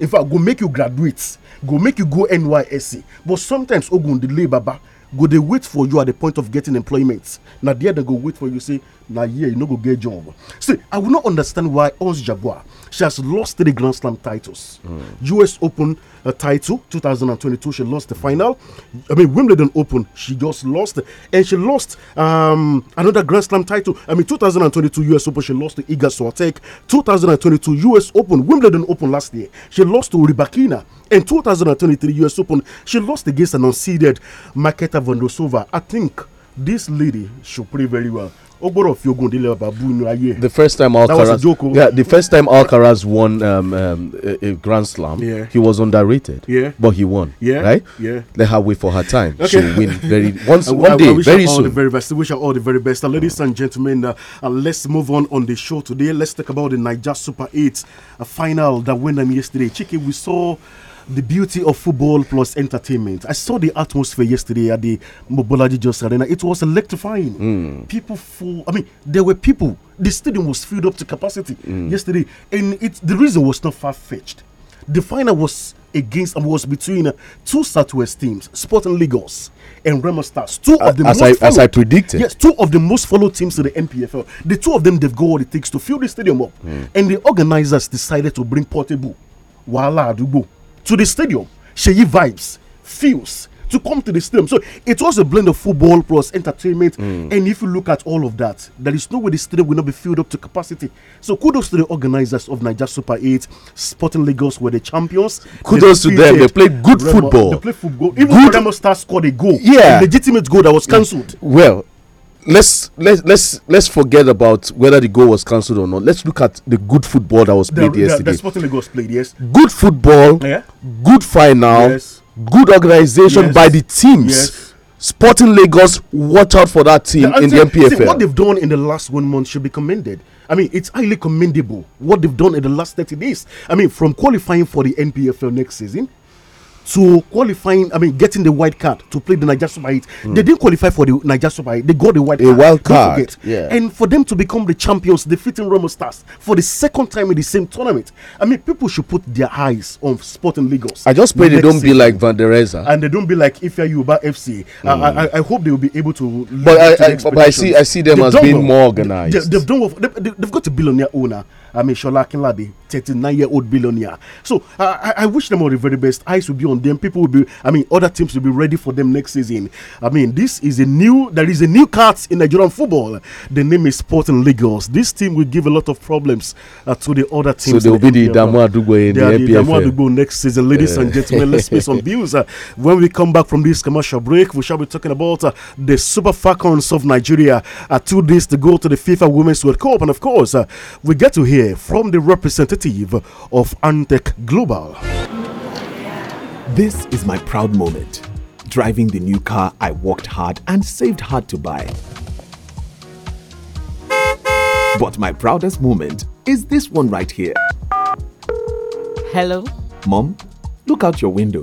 In fact, go make you graduate. Go make you go NYSC. But sometimes Ogun delay, Baba go they wait for you at the point of getting employment. Now there they go wait for you say na here you no go get job see i will not understand why us jaguar she has lost three grand slam titles mm. us open uh, title 2022 she lost the final i mean wimbledon open she just lost and she lost um, another grand slam title i mean 2022 us open she lost to iga Swiatek. 2022 us open wimbledon open last year she lost to ribakina in 2023 us open she lost against an unseeded maketa vondrosova i think this lady should play very well ó gbọ́dọ̀ fi ogun inú ayé ẹ̀. the first time alcaraz yeah the first time alcaraz won um, um, a, a grand slam yeah. he was underrated yeah. but he won yeah. right yeah. let her wait for her time okay. she win very <laughs> once I, one I, day I wish very all soon. the very best wish her all the very best uh, ladies and gentlemen uh, uh, let's move on on the show today let's talk about the Niger Super 8 uh, final that went on yesterday Chike we saw the beauty of football plus entertainment. I saw the atmosphere yesterday at the Mobolaji Just Arena. It was electrifying. Mm. People full. I mean, there were people. The stadium was filled up to capacity mm. yesterday, and it the reason was not far fetched. The final was against and was between two Southwest teams, Sporting Lagos and Remo Stars. Two of the as most I, followed, as I predicted. Yes, two of the most followed teams in the MPFL. The two of them they've got what it takes to fill the stadium up, mm. and the organizers decided to bring portable. Wala Adubo to the stadium. Sheyi vibes, feels to come to the stadium. So it was a blend of football plus entertainment. Mm. And if you look at all of that, there is no way the stadium will not be filled up to capacity. So kudos to the organizers of Niger Super 8. Sporting Lagos were the champions. Kudos they to them. They played good Remo, football. They played football. Even good. Star scored a goal. Yeah. A legitimate goal that was cancelled. Well, let's let's let's let's forget about whether the goal was cancelled or not. Let's look at the good football that was played the, yesterday. The, the Sporting Lagos played yes. Good football. Yeah. Good final. Yes. Good organization yes. by the teams. Yes. Sporting Lagos, watch out for that team in see, the MPFL. See, what they've done in the last one month should be commended. I mean, it's highly commendable what they've done in the last 30 days. I mean, from qualifying for the NPFL next season to qualifying, I mean, getting the white card to play the Niger Super Eight. Mm. They didn't qualify for the Niger Super Eight. They got the white a card. wild card. Yeah. And for them to become the champions, defeating Roma Stars for the second time in the same tournament. I mean, people should put their eyes on Sporting Lagos. I just pray the they don't season. be like Van der Reza. And they don't be like Ifya Yuba FC. Mm. I, hmm. I, I, hope they will be able to. But I, to I but I see I see them they as being more organized. They, have done well. They, have got a billionaire owner mean, Shola Kinlade, 39 year old billionaire. So I, I wish them all the very best. Eyes will be on them. People will be, I mean, other teams will be ready for them next season. I mean, this is a new, there is a new cat in Nigerian football. The name is Sporting Lagos. This team will give a lot of problems uh, to the other teams. So they'll be the Damu Adugbo in the, the next season. Ladies uh. and gentlemen, let's pay some <laughs> bills. Uh, when we come back from this commercial break, we shall be talking about uh, the Super Falcons of Nigeria. Uh, two days to go to the FIFA Women's World Cup. And of course, uh, we get to hear from the representative of Antec Global. This is my proud moment. Driving the new car I worked hard and saved hard to buy. But my proudest moment is this one right here. Hello? Mom, look out your window.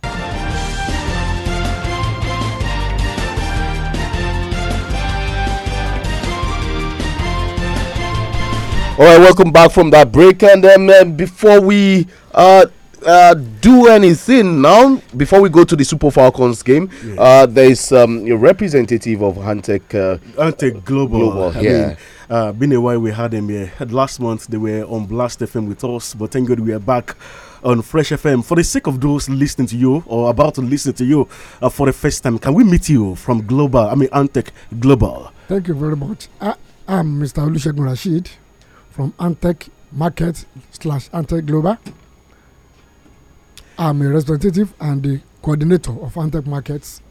All right, welcome back from that break. And um, um, before we uh, uh, do anything now, before we go to the Super Falcons game, yeah. Uh, there is um, a representative of Antec uh, Antec Global. Global. yeah. Mean, uh, been a while we had them here. Last month they were on Blast FM with us, but thank God we are back on Fresh FM. For the sake of those listening to you or about to listen to you uh, for the first time, can we meet you from Global? I mean, Antec Global. Thank you very much. I, am Mr. Olusegun Rashid from Antec Market slash Antec Global. I'm a representative and the coordinator of Antec Markets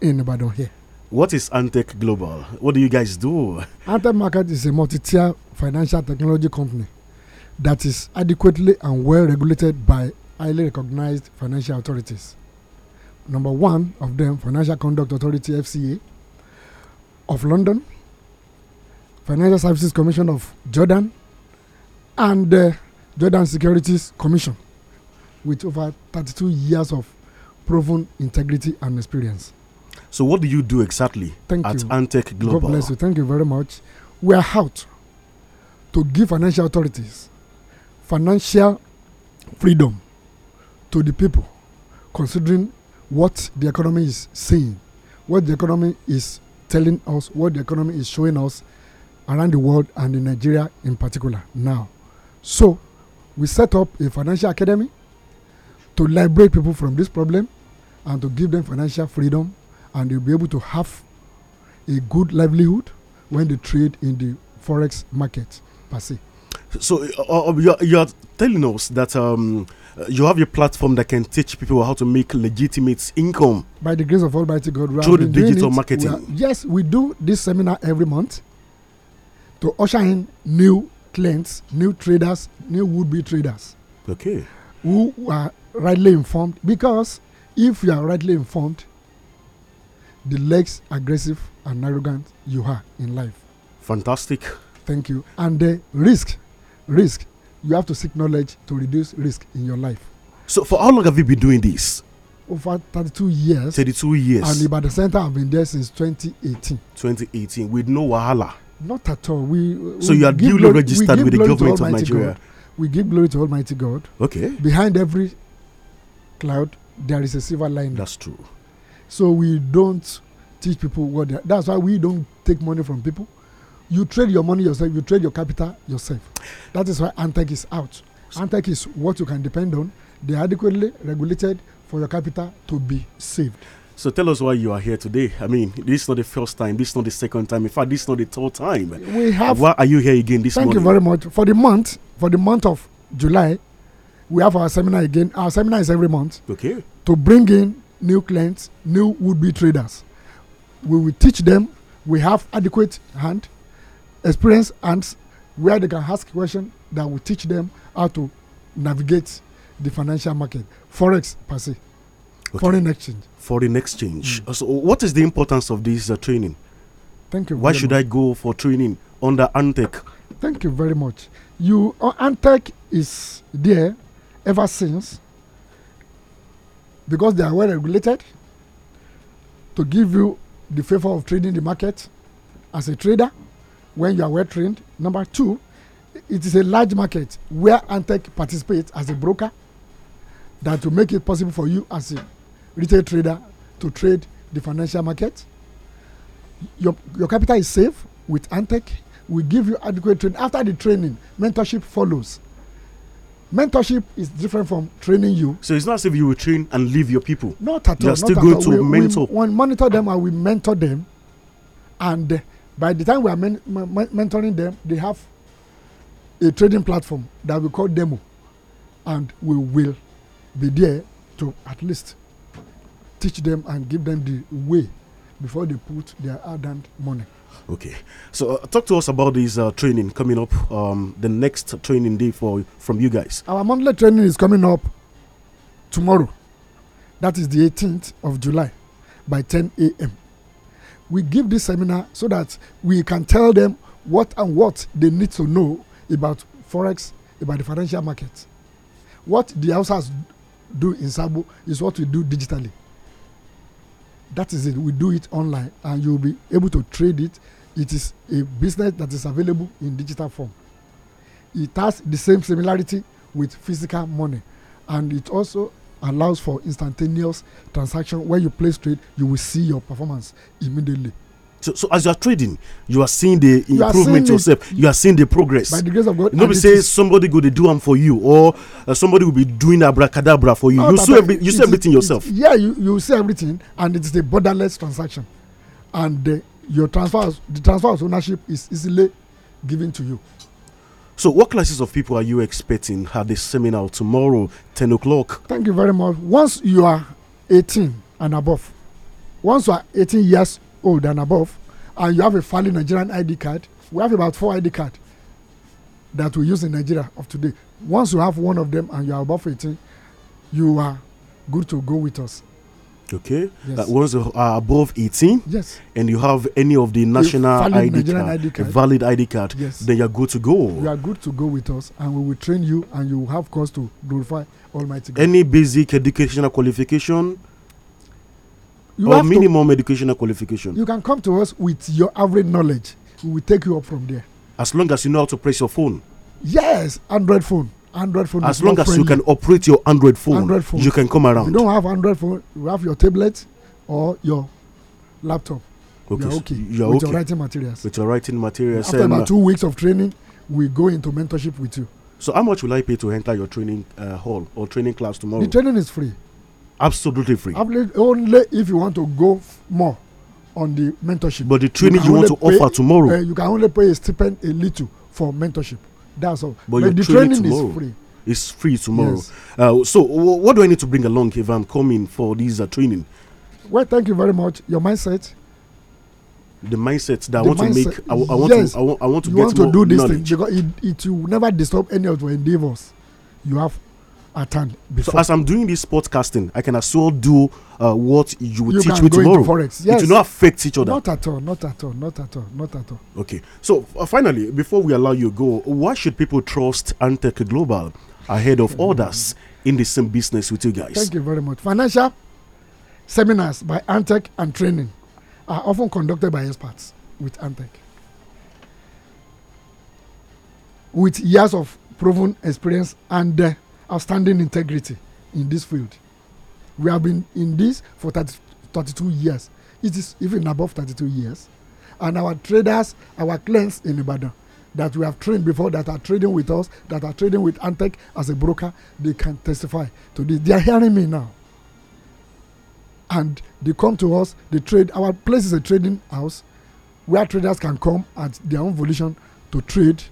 in Ibadan here. What is Antec Global? What do you guys do? Antec Market is a multi-tier financial technology company that is adequately and well regulated by highly recognized financial authorities. Number one of them, Financial Conduct Authority FCA of London, Financial Services Commission of Jordan, and uh, Jordan Securities Commission with over 32 years of proven integrity and experience. So, what do you do exactly Thank at Antec Global? God bless you. Thank you very much. We are out to give financial authorities financial freedom to the people, considering what the economy is saying, what the economy is telling us, what the economy is showing us around the world and in Nigeria in particular now. So we set up a financial academy to liberate people from this problem and to give them financial freedom and they'll be able to have a good livelihood when they trade in the forex market per se. So uh, uh you're, you're, telling us that um, you have a platform that can teach people how to make legitimate income by the grace of Almighty God through the digital marketing. We are, yes, we do this seminar every month to usher in new clients, new traders, new would-be traders. Okay. Who are rightly informed because if you are rightly informed, the less aggressive and arrogant you are in life. Fantastic. Thank you. And the risk, risk, you have to seek knowledge to reduce risk in your life. So, for how long have you been doing this? Over 32 years. 32 years. And the Center, I've been there since 2018. 2018, with no wahala. Not at all. We, we so you are duly glory, registered with the government of Nigeria. God. We give glory to Almighty God. Okay. Behind every cloud, there is a silver lining. That's true. So we don't teach people what. that's why we don't take money from people. You trade your money yourself. You trade your capital yourself. That is why Antec is out. Antec is what you can depend on. They are adequately regulated for your capital to be saved. So tell us why you are here today. I mean, this is not the first time, this is not the second time. In fact, this is not the third time. We have. Why are you here again this thank morning? Thank you very much for the month. For the month of July, we have our seminar again. Our seminar is every month. Okay. To bring in new clients, new would-be traders, we will teach them. We have adequate hand, experience, and where they can ask questions. that will teach them how to navigate the financial market, forex per se, okay. foreign exchange foreign exchange. Mm. So, what is the importance of this uh, training? Thank you. Why should much. I go for training under Antec? Thank you very much. You uh, Antec is there ever since because they are well regulated to give you the favor of trading the market as a trader when you are well trained. Number two, it is a large market where Antec participates as a broker that will make it possible for you as a retail trader to trade the financial market. Your, your capital is safe with Antec. We give you adequate training. After the training, mentorship follows. Mentorship is different from training you. So it's not as if you will train and leave your people. Not at all. You're still going to we, mentor. We, we monitor them and we mentor them. And uh, by the time we are men mentoring them, they have a trading platform that we call demo. And we will be there to at least teach them and give them the way before they put their ardent money. Okay, so uh, talk to us about this uh, training coming up. Um, the next training day for from you guys. Our monthly training is coming up tomorrow. That is the 18th of July by 10 a.m. We give this seminar so that we can tell them what and what they need to know about forex, about the financial market. What the houses do in Sabo is what we do digitally. that is it we do it online and you will be able to trade it it is a business that is available in digital form it has the same similarity with physical money and it also allows for instantaneous transaction when you place trade you will see your performance immediately So, so as you are trading, you are seeing the you improvement yourself. you are seeing the progress. By the grace of God. Nobody says somebody go to do them for you, or uh, somebody will be doing abracadabra for you. No, you see, every, you see everything yourself. Yeah, you, you see everything, and it is a borderless transaction, and your transfer the transfer of ownership is easily given to you. So, what classes of people are you expecting at the seminar tomorrow, ten o'clock? Thank you very much. Once you are eighteen and above, once you are eighteen years old oh, and above, and you have a valid Nigerian ID card, we have about four ID cards that we use in Nigeria of today. Once you have one of them and you are above 18, you are good to go with us. Okay. Yes. Uh, once you are above 18 yes. and you have any of the national ID card, ID card, valid ID card, yes. then you're good to go. You are good to go with us and we will train you and you will have cause to glorify Almighty God. Any basic educational qualification you or minimum to, educational qualification. You can come to us with your average knowledge. We will take you up from there. As long as you know how to press your phone. Yes, Android phone. Android phone. As long as friendly. you can operate your Android phone, Android phone, you can come around. you don't have Android phone. You have your tablet or your laptop. Okay, you are okay. You are with okay. your writing materials. With your writing materials. After um, about two weeks of training, we go into mentorship with you. So, how much will I pay to enter your training uh, hall or training class tomorrow? The training is free. Absolutely free. Only if you want to go more on the mentorship. But the training you, you want to pay, offer tomorrow. Uh, you can only pay a stipend a little for mentorship. That's all. But, but the training, tomorrow. is free. It's free tomorrow. Yes. Uh, so, what do I need to bring along if I'm coming for this uh, training? Well, thank you very much. Your mindset. The mindset that the I want mindset, to make. I, I want yes, to. I want, I want to. You want to do this knowledge. thing because it, it will never disturb any of your endeavors you have before. So as I'm doing this podcasting, I can as well do uh, what you, you teach me tomorrow. Forex. Yes. It will not affect each other. Not at all. Not at all. Not at all. Not at all. Okay. So uh, finally, before we allow you go, why should people trust Antec Global ahead of mm. others in the same business with you guys? Thank you very much. Financial seminars by Antec and training are often conducted by experts with Antec. With years of proven experience and uh, outstanding integrity in this field. We have been in this for 30, 32 years. It is even above 32 years. And our traders, our clients in Ibadan that we have trained before, that are trading with us, that are trading with Antec as a broker, they can testify to this. They are hearing me now. And they come to us, they trade. Our place is a trading house where traders can come at their own volition to trade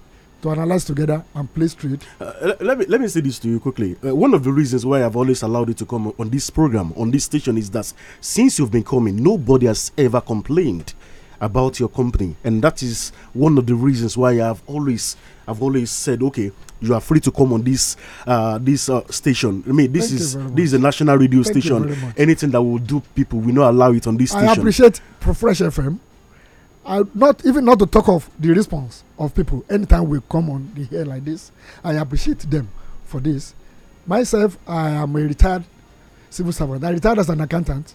to analyze together and play straight. Uh, let me let me say this to you quickly. Uh, one of the reasons why I've always allowed you to come on this program on this station is that since you've been coming, nobody has ever complained about your company, and that is one of the reasons why I've always I've always said, okay, you are free to come on this uh, this uh, station. I mean, this Thank is this is a national radio Thank station. Anything that will do people, we not allow it on this I station. I appreciate Fresh FM I not even not to talk of the response of people anytime we come on the air like this. I appreciate them for this. Myself, I am a retired civil servant. I retired as an accountant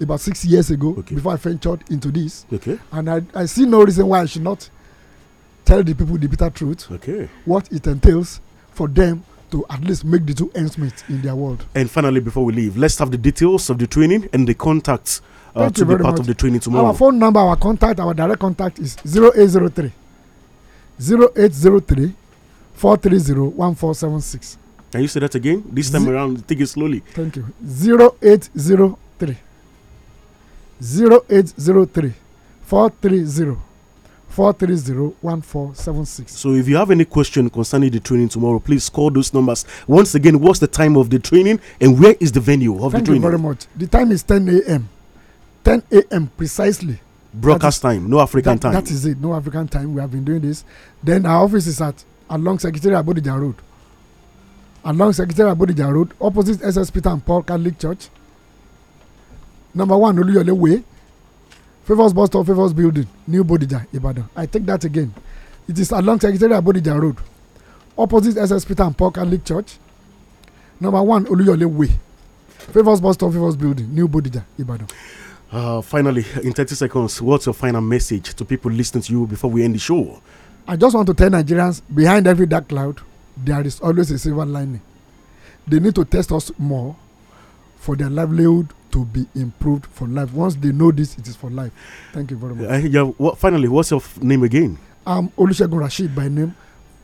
about six years ago okay. before I ventured into this. Okay. And I, I see no reason why I should not tell the people the bitter truth. Okay. What it entails for them to at least make the two ends meet in their world. And finally, before we leave, let's have the details of the training and the contacts uh, to be part much. of the training tomorrow. Our phone number, our contact, our direct contact is 0803 0803 430 Can you say that again? This time Z around, take it slowly. Thank you. 0803 0803 430 430-1476. So if you have any question concerning the training tomorrow, please call those numbers. Once again, what's the time of the training and where is the venue of Thank the training? Thank you very much. The time is 10 a.m. 10 a.m. precisely. Broadcast time, no African that, time. That is it, no African time. We have been doing this. Then our office is at along Secretary Abodija Road. Along Secretary Abodija Road, opposite SS Peter and Paul Catholic Church. Number one, Oluyole Way. Favors Bus Stop, Favors Building, New Bodija, Ibadan. I take that again. It is along Secretary Abodija Road, opposite SS Peter and Paul Catholic Church. Number one, Oluyole Way. Favors Bus Stop, Favors Building, New Bodija, Ibadan. Uh, finally, in 30 seconds, what's your final message to people listening to you before we end the show? I just want to tell Nigerians behind every dark cloud, there is always a silver lining. They need to test us more for their livelihood to be improved for life. Once they know this, it is for life. Thank you very much. Uh, yeah, what, finally, what's your name again? I'm Olusegun Rashid by name.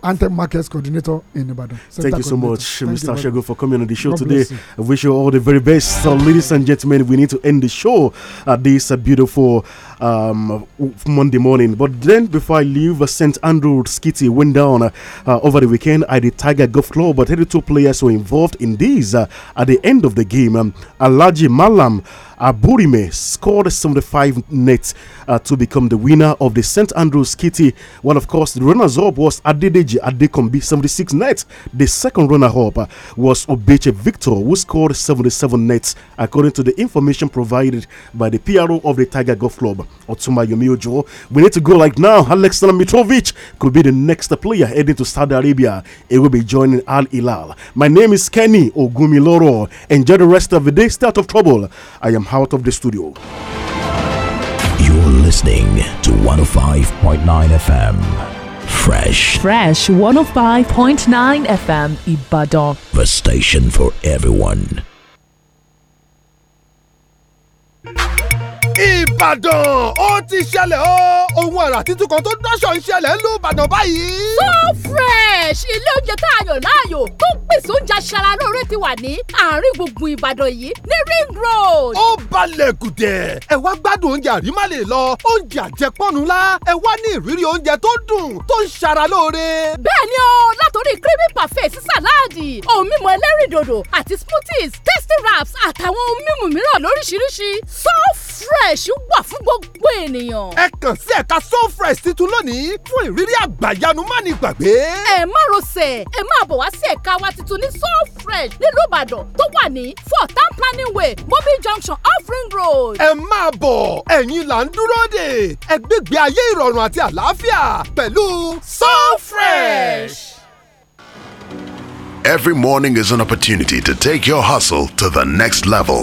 Anthem Markets Coordinator in Ibadan. Thank you so much, Mr. Shago, for coming on the show God today. I wish you all the very best. So, ladies and gentlemen, we need to end the show at this uh, beautiful um, Monday morning. But then, before I leave, uh, St. Andrew Skitty went down uh, uh, over the weekend at the Tiger Golf Club, but 32 players were involved in this at the end of the game. Um, Alaji Malam. Aburime scored 75 nets uh, to become the winner of the St. Andrews Kitty. Well, of course, the runners up was Adedeji Adekombi, 76 nets. The second runner up uh, was Obeche Victor, who scored 77 nets, according to the information provided by the PRO of the Tiger Golf Club, Otuma Yomiojo. We need to go like now. Alexander Mitrovic could be the next player heading to Saudi Arabia. He will be joining Al Hilal. My name is Kenny Ogumiloro. Enjoy the rest of the day. Stay out of trouble. I am out of the studio. You're listening to 105.9 FM. Fresh. Fresh 105.9 FM Ibadan. The station for everyone. ìbàdàn ó ti ṣẹlẹ̀ ó ohun àrà títún kan tó dáṣọ ń ṣẹlẹ̀ ń lu ìbàdàn báyìí. so fresh ilé oúnjẹ tá a yàn láàyò tó pèsè oúnjẹ aṣara lóore ti wà ní àárín gbùngbùn ìbàdàn yìí ní ring road. ó balẹ̀ gùdẹ̀ ẹ wá gbádùn oúnjẹ àrímálè lọ oúnjẹ àjẹpọ́nu ńlá ẹ wá ní ìrírí oúnjẹ tó dùn tó ń ṣara lóore. bẹ́ẹ̀ ni o látòrí creamy parfait sí sàláàdì ohun mímu ẹlẹ́rìndòdò àti smoothies tasty wraps àtàwọn ohun mímu mìíràn lóríṣiríṣi so fresh fresh wà fún gbogbo ènìyàn. ẹ kàn sí ẹ̀ka so fresh titun lónìí fún ìrírí àgbàyanu má ní gbàgbé. ẹ má rọsẹ̀ ẹ máa bọ̀ wá sí ẹ̀ka wa titun ní so fresh nílùú ìbàdàn tó wà ní four tampani way mobi junction off ring road. ẹ máa bọ̀ ẹ̀yin là ń dúró dè ẹ gbégbé ayé ìrọ̀rùn àti àlàáfíà pẹ̀lú so fresh. Every morning is an opportunity to take your hustle to the next level.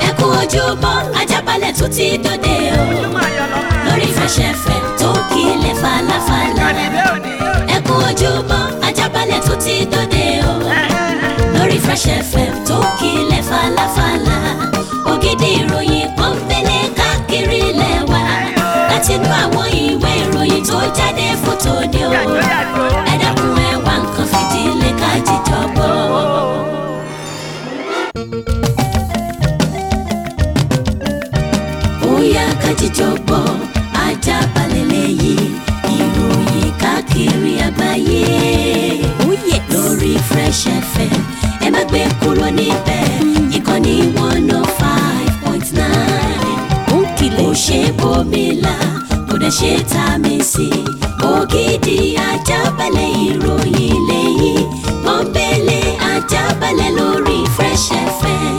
ẹ kú ojúbọ ajábalẹ̀ tó ti dòde o lórí fẹsẹ̀fẹ̀ tó kílẹ̀ falafala ẹ kú ojúbọ ajábalẹ̀ tó ti dòde o lórí fẹsẹ̀fẹ̀ tó kílẹ̀ falafala ògidì ìròyìn kan fẹ́lẹ́ káàkiri lẹ́wà látinú àwọn ìwé ìròyìn tó jáde fótó ni o àjíjọpọ̀ ajábalẹ̀ lẹ́yìn ìròyìn káàkiri àgbáyé. Ó oh, yẹ lórí Fresh FM ẹ má gbé kúrò níbẹ̀ ìkànnì one oh five point nine. Ó kìlẹ̀ ó ṣe bòmílà dẹ̀ ṣe tá a mi sí. ògidì ajábalẹ̀ ìròyìn lẹ́yìn pọ́npẹ́lẹ́ ajábalẹ̀ lórí Fresh FM.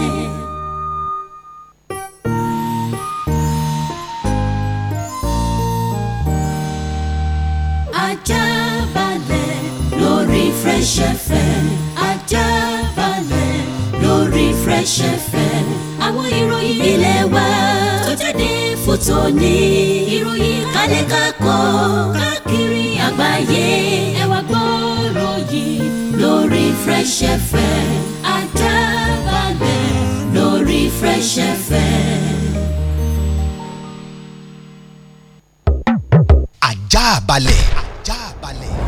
ajábalẹ̀ lórí Fresh FM ajábalẹ̀ lórí Fresh FM àwọn ìròyìn ilé wa tó jáde fún tòní ìròyìn kálẹ̀ kakọ́ káàkiri àgbáyé ẹ wá gbọ́rọ̀ yìí lórí Fresh FM Ajaabale lórí Fresh FM. Ajaabale. Ajaabale.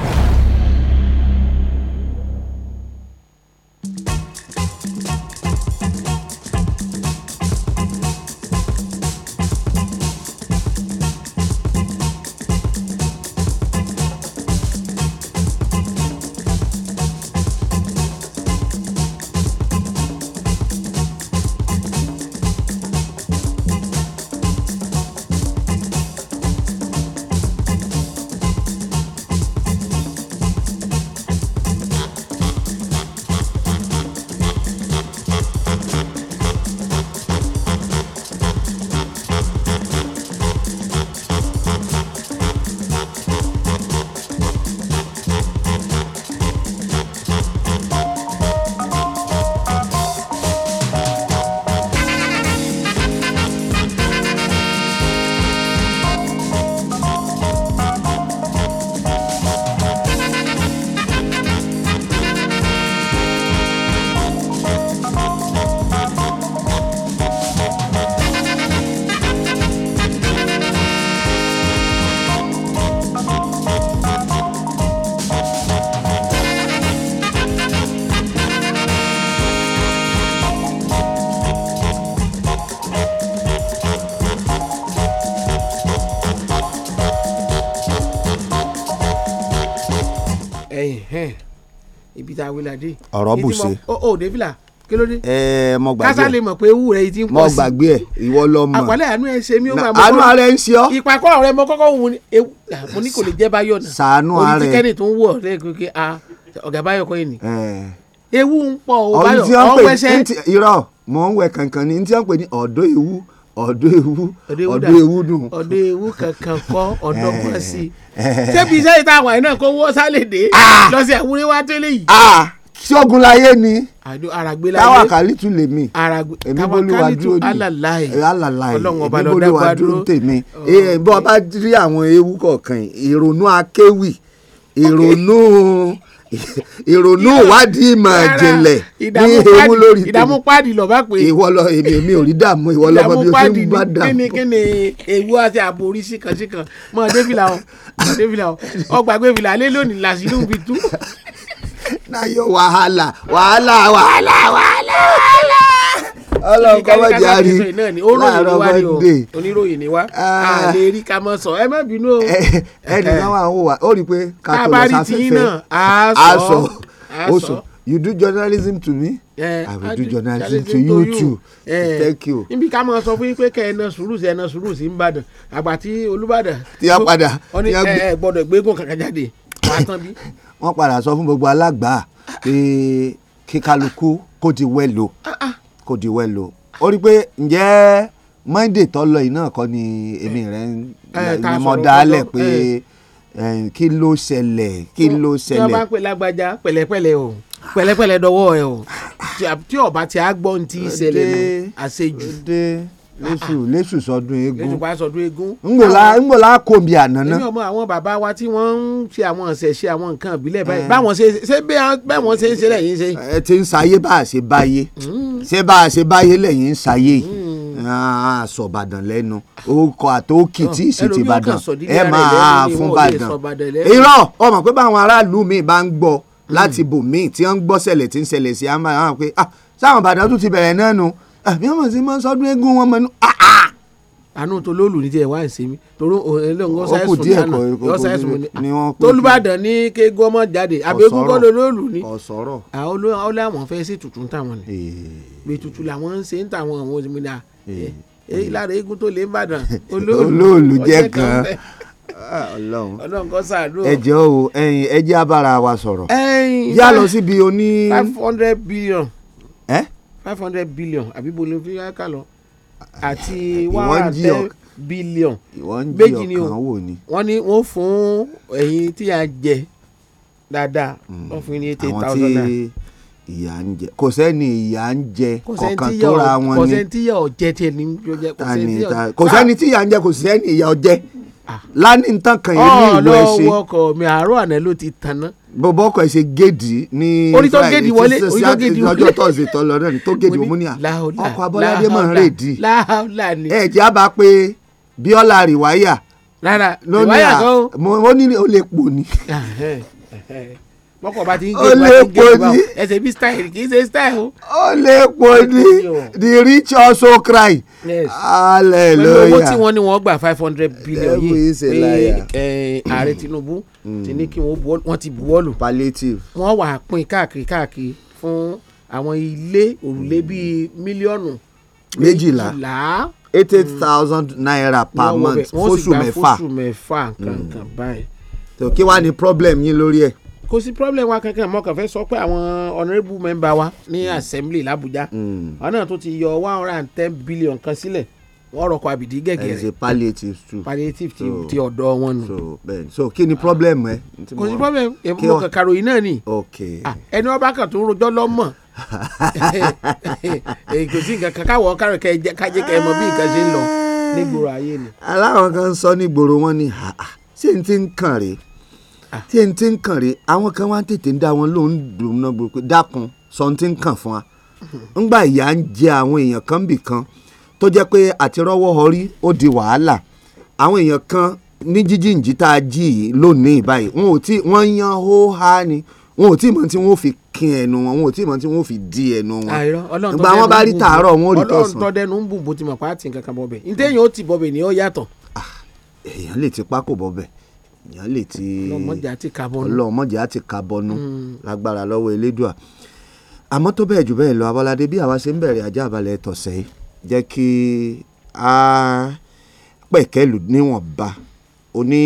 peter awilade. ọ̀rọ̀ bùṣe. o ò dé fìlà kí ló dé. ẹ mo gbàgbé ẹ kásá lè mọ̀ pé ewu rẹ̀ yìí ti ń pọ̀ sí. mo gbàgbé ẹ ìwọ lọ mọ̀. àpọ̀lẹ́ àánú ẹ ṣe mí ó máa mọ̀. àánú ara ẹ ń ṣe ọ́. ìpàkọ́ rẹ mo kọ́kọ́ wù ní ewu mo ní kò lè jẹ́ báyọ̀ náà. sàánú ara ẹ oríṣi kẹ́ni tó ń wọ̀ lẹ́ẹ̀kẹ́kẹ́ a ọ̀gá báyọ̀ kọ́ ẹ̀nì. ewu ń pọ̀ o báyọ̀ ọ̀ wẹ́sẹ̀. irọ́ mo ń wẹ kankan ni ní tí pè ní ọ̀dọ́ ewu ọdún ewu ọdún ewu dùn. ọdún ewu kankan kọ ọdún ọgbọ́n <laughs> sí i eh, eh, eh. ṣébi iṣẹ́ ìta àwọn àìná kó wọ́ sálèdè ah! lọ́sẹ̀ àwúrẹ́ wá tẹ́lẹ̀ yìí. Ah! ṣọ́gun láyé ni táwa kàlítù lèmi èmi bólúwa dúró ní alàlàyé èmi bólúwa dúró tèmi bá rí àwọn ewu kọ̀ọ̀kan ìrònú akéwì ìrònú ìrònú ìwádìí ìmọ̀ ìjìnlẹ̀ ní ewu lórí tó ìdààmú páàdì lọ bá pé ìwọ lọ èmi mi ò rí dààmú ìwọ lọ bọ bí o ti ń bá dààmú. kíni kíni ewu àti ààbò orí síkànsíkàn mọ débìlà ọ débìlà ọ ọgbàgbé fìlà alẹ́ lónìí làṣìlú fi tú. náà yọ wàhálà wàhálà wàhálà wàhálà. Ọlọ́run kọ́ mọ̀ jẹ́ àrí láàárọ̀ Monday oníròyìn ni wá àlè ah. rí ká mọ̀ sọ ẹ má bínú o. ẹnì kan wà ń wò wá ó rí i pé ká tó lọ sáfẹ́fẹ́ á sọ ó sọ you do journalism to me yeah, i will do journalism to you, you. too yeah. thank you. níbi ká máa sọ fún yín pé kẹ́ ẹ na sùúrù sí ẹ na sùúrù sí nìbàdàn àgbà tí olùbàdàn. tí a padà tí a gbé gbọ́dọ̀ gbégùn kankan jáde wàá tán bí. wọ́n padà sọ fún gbogbo alágbàá pé kíkálukú kó ti wẹ́ lò kò di wẹ́ lo ó rí i pé ǹjẹ́ monday tó lọ iná kọ́ ni èmi rẹ̀ eh, eh, ni mo dálẹ̀ pé eh. kí ló ṣẹlẹ̀ kí ló ṣẹlẹ̀. tí wọ́n bá pè lágbájá pẹ̀lẹ́pẹ̀lẹ́ o pẹ̀lẹ́pẹ̀lẹ́ dọwọ́ ẹ o tí ọba tí a gbọ́ ń ti ṣẹlẹ̀ nù àṣejù lẹ́sù lẹ́sù sọdún eégún lẹ́sù pa sọdún eégún. ngbòlá ngbòlá kòmbi ànáná. èmi ọmọ àwọn bàbá wa tí wọ́n ń ṣe àwọn ìṣẹ̀ṣe àwọn nǹkan ìbílẹ̀ báyìí eh. báwọn ṣe ṣe báwọn ṣe ń ṣe lẹ́yìn ṣe. ẹ ti ń sayé bá a ṣe báyé hmm. ṣé bá a ṣe báyé lẹ́yìn ń sayé hmm. sọ̀bàdàn lẹ́nu orúkọ àtòkì tí oh, ìsì ti bàdàn ẹ máa fún bàdàn irọ́ ọmọ pé báwọn aráàlú mi bá ń gbọ́ hmm. láti bòmíì tí wọ́n ń gbọ́ ṣẹlẹ̀ tí ń ṣẹlẹ̀ sí àwọn pé ah sáwọn bàdàn tún ti bẹ̀rẹ̀ náà nu àbí àwọn sì máa ń sọdún eégún wọn mọ inú ah, ah! àánú tó lóòlù ní tiẹ̀ wá ẹ̀sìn mi torí ọlọ́run ọ̀sáyẹ̀sùn lánàá ọ̀sáyẹ̀sùn ni wọ́n pè é tólúbàdàn ní ké gọ́mọ jáde àbẹ̀gùn kọ́ ló lóòlù ní ọ̀sọ̀rọ̀ àwọn làwọn fẹ́ sí tuntun táwọn ni pé tuntun làwọn ń ṣe ń tàwọn àwọn òsì mi dà èyí eh, eh, lára eégún tó lè ń bàdàn <laughs> olóòlù jẹ́ kan ah, ọlọ́run ọlọ́run kọ́ sàánú. ẹjẹ o ẹyin ẹjẹ abara wa sọ̀rọ̀ yá lọ síbi oní. five hundred billion. Eh? five hundred billion àbí bolo fi yá ká lọ àti one ten billion méjì ni o wọ́n ní wọ́n fún ẹ̀yin tí a jẹ dáadáa hmm. wọ́n fún ní eighty thousand naira ìyà ń jẹ kò sẹ́ni ìyà ń jẹ kọ̀ọ̀kan tó ra wọn ni kò sẹ́ni tíyà ọ̀jẹ́ tiẹ̀ ní kò sẹ́ni tíyà ń jẹ kò sẹ́ni ìyà ọ̀jẹ́ lánì nǹkan kan yìí ní ìlú ẹ ṣe. ọlọ́wọ́ ọkọ mi àárọ̀ àná ló ti tanná. bọ̀bọ̀ ọkọ ẹ ṣe géèdì ní orí tó géèdì wọlé orí tó géèdì wọlé ọjọ́ tọ́sí tọ́lọ náà tó géèdì òmùnìyà ọkọ abọ́ládé mọ̀ ń rèdí. ẹ jẹ́ àbá pé bíọ́lá rìwáyà. rárá rìwáyà kan o. ó ní o lè pò ní mọ́kọ̀ bá ti ń gé bá ti ń gé bá ẹsẹ̀ bí style kì í ṣe style o. ó lè po ní the rich also cry hallelujah. pẹ̀lú owó tí wọ́n ní wọ́n gbà five hundred billion yìí pé ààrẹ mm. Tinubu mm. ti ní kí wọ́n ti buwọ́lù. palliative. wọ́n wà á pín káàkiri káàkiri fún àwọn ilé òrùlé bíi mílíọ̀nù méjìlá eight eight mm. thousand naira per month fóṣù mẹ́fà. wọ́n sì gba fóṣù mẹ́fà kankan báyìí. kí wàá ní problem yín lórí ẹ̀ kò sí problem wa kankan mo kàn fẹ́ sọ pé àwọn honourable member wa ní hmm. assembly l'Abuja hmm. àwọn náà tó ti yọ one hundred and ten billion kan sílẹ̀ wọ́n rọ̀kọ̀ àbìdí gẹ́gẹ́ rẹ̀. ẹ ṣe palliative too. palliative ti ti ọ̀dọ̀ wọn nù. so bẹ́ẹ̀ so kí ni problem ẹ. kò sí problem mo kàn karòyìn náà ni. ok ẹni wọn bá kàn tó rojọ́ lọ́mọ̀ <laughs> kò sí nǹkan kan káwọ́ kárọ̀ kájẹ́ kẹ́ ẹ mọ bí nǹkan ṣe ń lọ nígboro ayé ni. aláwọn kan sọ nígboro wọn ni ṣé n ti ń kàn rèé Ah. tí ẹni tí ń kàn rè àwọn kan wá ń tètè ń dá wọn lóhùn dùn náà gbogbo dákun sọ ní ti ń kàn fún wa <laughs> ńgbà ìyá ń jẹ àwọn èèyàn kan bì kan tó jẹ́ pé àti rọ́wọ́ ọrí ó di wàhálà àwọn èèyàn kan ní jíjìnjí tá a jí yìí lónìí báyìí wọn ò tí wọ́n yan hó ha ni wọn ò tí mọ̀ tí wọ́n fi kín ẹnu wọn wọn ò tí mọ̀ tí wọ́n fi di ẹnu wọn ìgbà wọn bá rí tàárọ̀ wọn ò rí tọ̀sán. ọlọ́run tọ́dẹ́nu ń bùn bó ti mọ̀ pàtì nǹkan kan bọ̀bẹ̀ ntẹ́yìn ó ti bọ̀bẹ̀ ni ó yàtọ̀. Ah, èèyàn lè ti pákó bọ̀bẹ̀ èèyàn lè ti ọlọ́mọdé àti kabọ́nú lágbára lọ́wọ́ elédùà àmọ́ tó bẹ́ẹ̀ jù bẹ́ẹ̀ lọ abọ́ládé bí àwa ṣe ń bẹ̀rẹ̀ ajá àbálẹ̀ tọ̀sẹ̀ yìí jẹ́ kí a pẹ̀kẹ́lù níwọ̀nba oní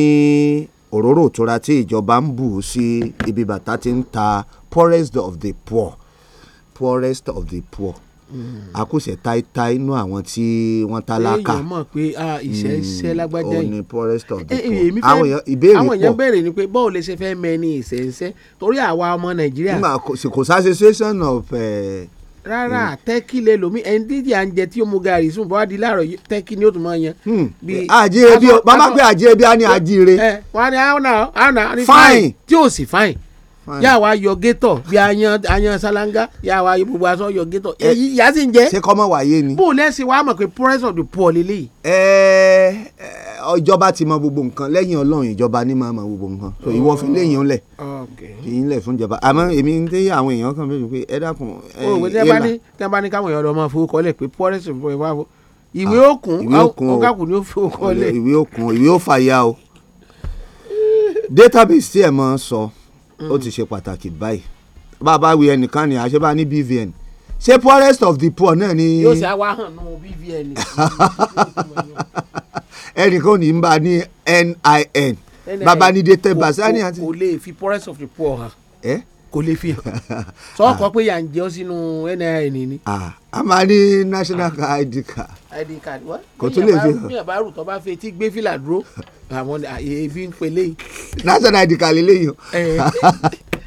òróró ìtura tí ìjọba ń bù sí ibi bàtà ti ń ta poorest of the poor poorest of the poor a táítáí inú àwọn tí wọ́n tálákà. ṣé èèyàn mọ̀ pé iṣẹ́ iṣẹ́ hmm, lágbájá yìí. Eh, eh, àwọn èèyàn ìbéèrè ni pé bọ́ọ̀ lè ṣe fẹ́ mẹ́ni ìṣẹ̀ṣẹ̀ torí àwa ọmọ nàìjíríà. nígbà kò sá association of. Eh, rárá hmm. tẹ́kì lè lomi ẹni à ń jẹ tí ó mu sùn bọ́wá di láàárọ̀ tẹ́kì ni ó tún máa yan. Hmm. àjíire bàbá pé àjíire a ní àjíire. á ní àwọn fine tí ò sì fine yà wá yọ gétọ̀ bí ayan ayan ṣáláńgá yà wá gbogbo aṣọ yọ gétọ̀ èyí ìyá sì ń jẹ́. ṣé kọ́mọ wáyé ni. bó o lẹ́sìn wàá mọ̀ pé press of the poor lélẹ́yìí. ẹẹ ìjọba ti mọ gbogbo nǹkan lẹ́yìn ọlọ́run ìjọba ni máa mọ gbogbo nǹkan so ìwọ fi léyìn lẹ̀ èyí lẹ̀ fún ìjọba àmọ́ èmi ń dé àwọn èèyàn kan bẹ́ẹ̀ pé ẹ dákun. o ò tẹ́ bá ní tẹ́ bá ní káwọn èèyàn lọ máa fowó kọ́lẹ̀ pé press of the poor wá ìwé ah, òkun ọkàkùn ni ó fowó kọ́lẹ̀. ìwé òkun ìwé ò fàyà o database tí ẹ mọ sọ ó ti ṣe pàtàkì báyìí bàbá wí ẹnìkan ni àṣebá ní BVN ṣé poorest of the poor náà ni. yóò ṣe àwa hàn nù BVN. <laughs> ẹnìkan ò ní ń bá ní NIN bàbá ní dé tẹ́ bàṣẹ́ ní àti. kò lè fi poorest of the poor hàn. Eh? kò lè fi hàn. <laughs> sọ́kọ pé yà ń jẹ́ sínú NIN ni. a máa ní national id card. id card wá. kò tún lè fi hàn. bí rù tó bá fi etí gbé fìlà dúró àwọn ebi ń pe léyìn. national id card lélẹ́yìn ẹyin <laughs>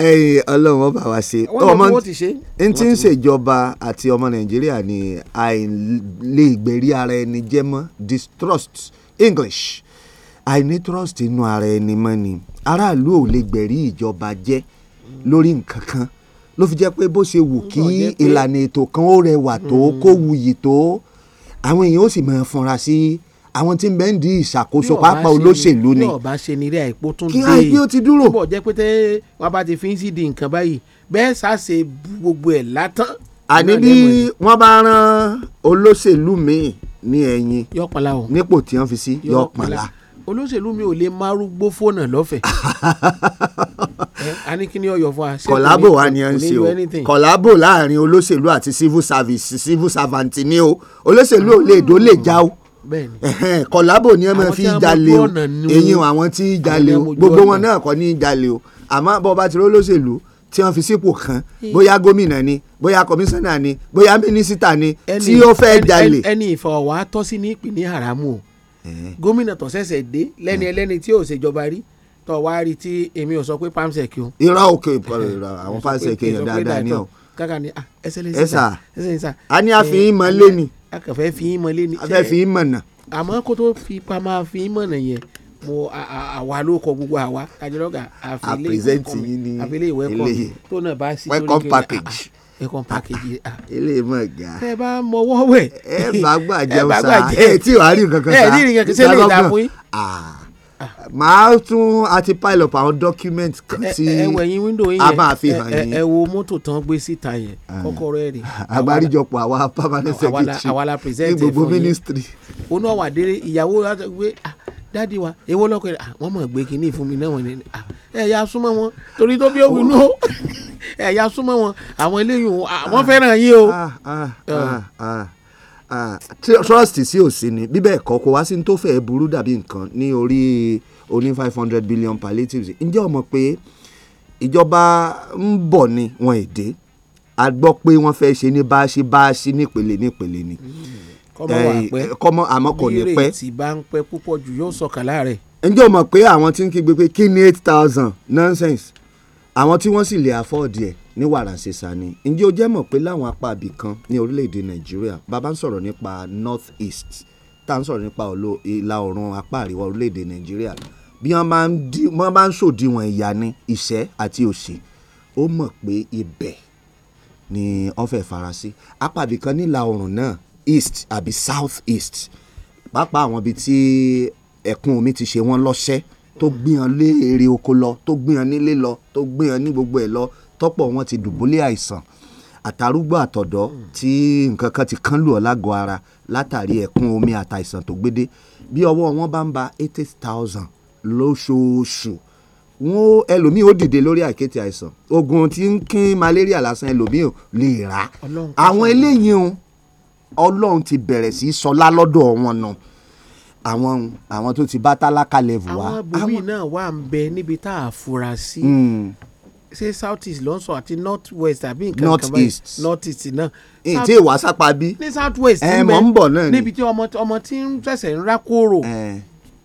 Ọlọ́run ọba wa ṣe ọmọ n ń ṣèjọba àti ọmọ Nàìjíríà ní àìlègbèrí ara ẹni jẹ́ mọ́ distrust English àìní trust inú ara ẹni mọ́ ni aráàlú ò lè gbẹ̀rí ìjọba jẹ́ lórí nǹkan kan ló fi jẹ́ pé bó ṣe wù kí ìlànà ètò kan ó rẹwà tó hmm. kó wuyì tó àwọn èèyàn ó sì máa fọnra sí àwọn tí ń bẹ́ẹ̀ ń di ìṣàkóso pàápàá olóṣèlú ni. bí ọba ṣe ó ti dúró. bọ̀ jẹ́ pé tẹ́ wọn bá ti fi ń sì di nǹkan báyìí bẹ́ẹ̀ ṣàṣe gbogbo ẹ̀ látàn. àní bí wọ́n bá rán olóṣèlú míì ní ẹ̀yìn nípò tí wọ́n fi sí yọ̀ọ̀pọ̀lá olóṣèlú mi ò lè márúgbó fóònù lọ́fẹ̀ẹ́ anikini <laughs> ọyọ fún wa. kọ̀lábò wa ni ẹ ń ṣe o kọ̀lábò láàrin olóṣèlú àti civil service civil servant ni o olóṣèlú ò lè dó lè já o kọ̀lábò ni ẹ máa fi jalè o eyín àwọn tí jalè o gbogbo wọn náà kọ́ ní jalè o àmọ́ bọ́ bá ti rí olóṣèlú tí wọ́n fi sípò kan bóyá gómìnà ni bóyá kọmíṣánná ni bóyá mínísítà ni tí ó fẹ́ jalè. ẹni ìfọwọ́ wa tọ́ sí ní ìpínlẹ̀ haramu o gómìnà tó ṣẹ̀ṣẹ̀ dé lẹ́ni hmm. ẹlẹ́ni tí ò ṣèjọba rí tó wá rí tí èmi ò sọ pé pamsec o. irọ́ òkè <laughs> àwọn pamsec yẹn dáadáa ni o. kákà ni ah, ẹsẹ̀ lè sà ẹsẹ̀ lè sà. a ní a fi yín mọ lé a kàn fẹ́ fi yín mọ lé ni. a fẹ́ fi yín mọ̀ nà. àmọ́ kó tó fi pamọ́ fi yín mọ̀ nà yẹn mo àwa ló kọ gbogbo àwa àjọlọ́gà àfilé ìwé kọ́ mi àfilé ìwé kọ́ tó náà bá sí lórí kí ẹ̀kọ́ pàkejì rẹ̀. eléyìí mọ̀ ga. ẹ ah. bá mọwọ́ wẹ̀. ẹ bá gbà jẹun sa ẹ tí wàá rí nǹkan kan sa ẹ ní nǹkan kan sẹ́lẹ̀ ìdààmú yín. Ah màá tún àti pile up àwọn document kan tí a máa fi hàn yín. ẹ wo mọ́tò tán gbé síta yẹn ah. kọ́kọ́rọ́ ẹ̀ rè. àgbáríjọpọ̀ àwa permanent secretary ní gbogbo ministry. oná wà délé ìyàwó gbé ah, dáàdi wa èwo lọkọ ẹ ah, wọn mọ gbé kínní fún mi náà wọn ni ẹ yà súnmọ́ wọn torí tó bí òwú nù ó ẹ yà súnmọ́ wọn àwọn eléyìí wọn fẹ́ràn yín o. Ah, trust sí òsì ni bíbẹ̀ ẹ̀kọ́ kó wá sí ní tó fẹ́ burú dàbí nǹkan ní orí oní five hundred billion palliatives ǹjẹ́ o mọ̀ pé ìjọba ń bọ̀ ni wọ́n èdè a gbọ́ pé wọ́n fẹ́ ṣe ní báṣí báṣí nípele nípele ni kọ́mọ àmọ́ kò ní pẹ́. bí ìrètí bá ń pẹ́ púpọ̀ jù yóò sọ̀kà láàrẹ̀. ǹjẹ́ o mọ̀ pé àwọn tí ń kígbe pé kí ni eight thousand nonsense àwọn tí wọ́n sì lè afọ́ọ̀dì ẹ̀ ní wàràǹṣeṣà ni ǹjẹ́ o jẹ́ mọ̀ pé láwọn apá ibì kan ní orílẹ̀-èdè nàìjíríà bàbá ń sọ̀rọ̀ nípa north east tá ń sọ̀rọ̀ nípa ìlà oòrùn apá àríwá orílẹ̀-èdè nàìjíríà bí wọ́n bá ń ṣòdiwọ̀n ìyà ni ìṣẹ́ àti òṣì ó mọ̀ pé ibẹ̀ ni wọ́n fẹ́ farasí apá ibì kan nílà oòrùn náà east àbí south east pàápàá àwọn ibi tí ẹ̀kún omi ti ṣe wọ́n lọ́ṣẹ́ tó gbìyàn lé èrè oko lọ tó gbìyàn nílé lọ tó gbìyàn ní gbogbo ẹ̀ lọ tọ́pọ̀ wọn ti dùbúlẹ̀ àìsàn àtàrúgbó àtọ̀dọ́ tí nǹkan kan ti kán lù ọ́ lágọ̀ọ́ ara látàrí ẹ̀kún omi àtàìsàn tó gbédé bí ọwọ́ wọn bá ń ba eighty thousand lóṣooṣù wọn ẹlòmíì ó dìde lórí àkéte àìsàn oògùn tí ń kín malaria lásán ẹlòmíì lè rà àwọn eléyìí ọlọ́run ti bẹ̀rẹ̀ sí sọlá lọ́dọ̀ wọn náà àwọn àwọn tó ti bá tálákà level wa. àwọn abòmí náà wà ń bẹ níbi tá a fura sí. Hmm. ṣé south east ló ń sọ àti north west àbí nǹkan kan báyìí north east náà. ètí ìwà sápá bí. ní south west ń bẹ níbi tí ọmọ ọmọ tí ń fẹsẹ̀ ń rákòrò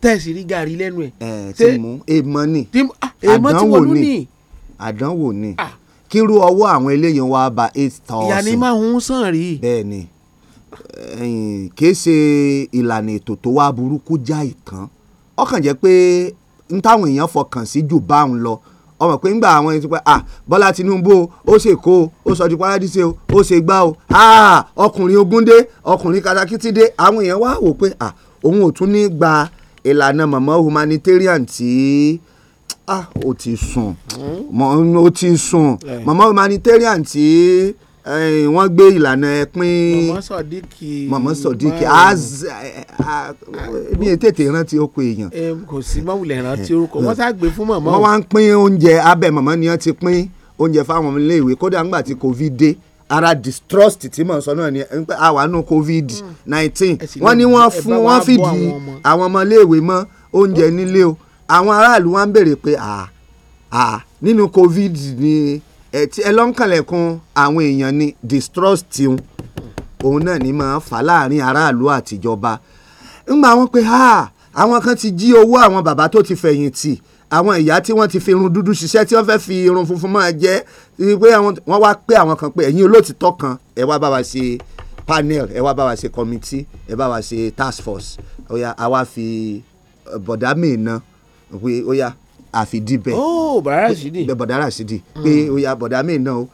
tẹ̀sí rí gàrí lẹ́nu ẹ̀. ti mú èèmọ̀ ah, ni àdánwò ni àdánwò ah. ni kírú ọwọ́ àwọn eléyìí wá ba eight thousand. ìyá ni máa ń sàn rí. bẹ́ẹ̀ kìí ṣe ìlànà ètò tó wá burúkú jáì kan ọkàn jẹ́ pé n táwọn èèyàn fọkàn sí jù báwọn lọ ọmọ pé ńgbà àwọn ẹni ah Bọ́lá Tinubu ó ṣe kó ó sọ di paradise o ó ṣe gbá o ah ọkùnrin ogúndé ọkùnrin katakítí dé àwọn èèyàn wá wò pé ah òun ò tún ní gba ìlànà mọ̀mọ́ humanitarian tí ah ó ti sùn ó ti mọ̀mọ́ humanitarian tí Eh, wọ́n gbé ìlànà ẹ pín mọ̀mọ́ sọ̀díkì bí e eh, ah, tètè rántí oko èèyàn. Eh, kò sí mọ̀wùlẹ̀ rántí orúkọ wọ́n sá gbé fún mọ̀mọ́. wọ́n wá ń pín oúnjẹ abẹ́ mọ̀mọ́ ni wọ́n ti pín oúnjẹ fáwọn ọmọ ilé ìwé kódà ńgbà tí covid dé ara distrust tí mò ń sọ náà ni àwánú covid hmm. nineteen wọ́n ní wọ́n fún wọ́n fìdí àwọn ọmọ ilé ìwé mọ́ oúnjẹ nílé o àwọn aráàlú wa ń béèrè pé à à nínú covid ni. Ah, ah, ẹtí ẹ lọ́nkànlẹ̀kùn àwọn èèyàn ní distrust tiwọn òun náà ni máa fà láàrin aráàlú àtijọba ńgbà wọn pé ha àwọn kan ti jí owó àwọn bàbá tó ti fẹ̀yìntì àwọn ìyá tí wọ́n ti fi irun dúdú ṣiṣẹ́ tí wọ́n fẹ́ fi irun funfun máa jẹ́ pé wọ́n wá pé àwọn kan pé ẹ̀yin olóòtítọ́ kan ẹ wá bá wa ṣe panel ẹ wá bá wa ṣe committee ẹ bá wa ṣe task force ó yá àwa fi bọ̀dá mi ná ó yá àfìdíbẹ̀. ó oh, bọ̀dá Rashidi. bẹ bọ̀dá Rashidi pé oya bọ̀dá mi náà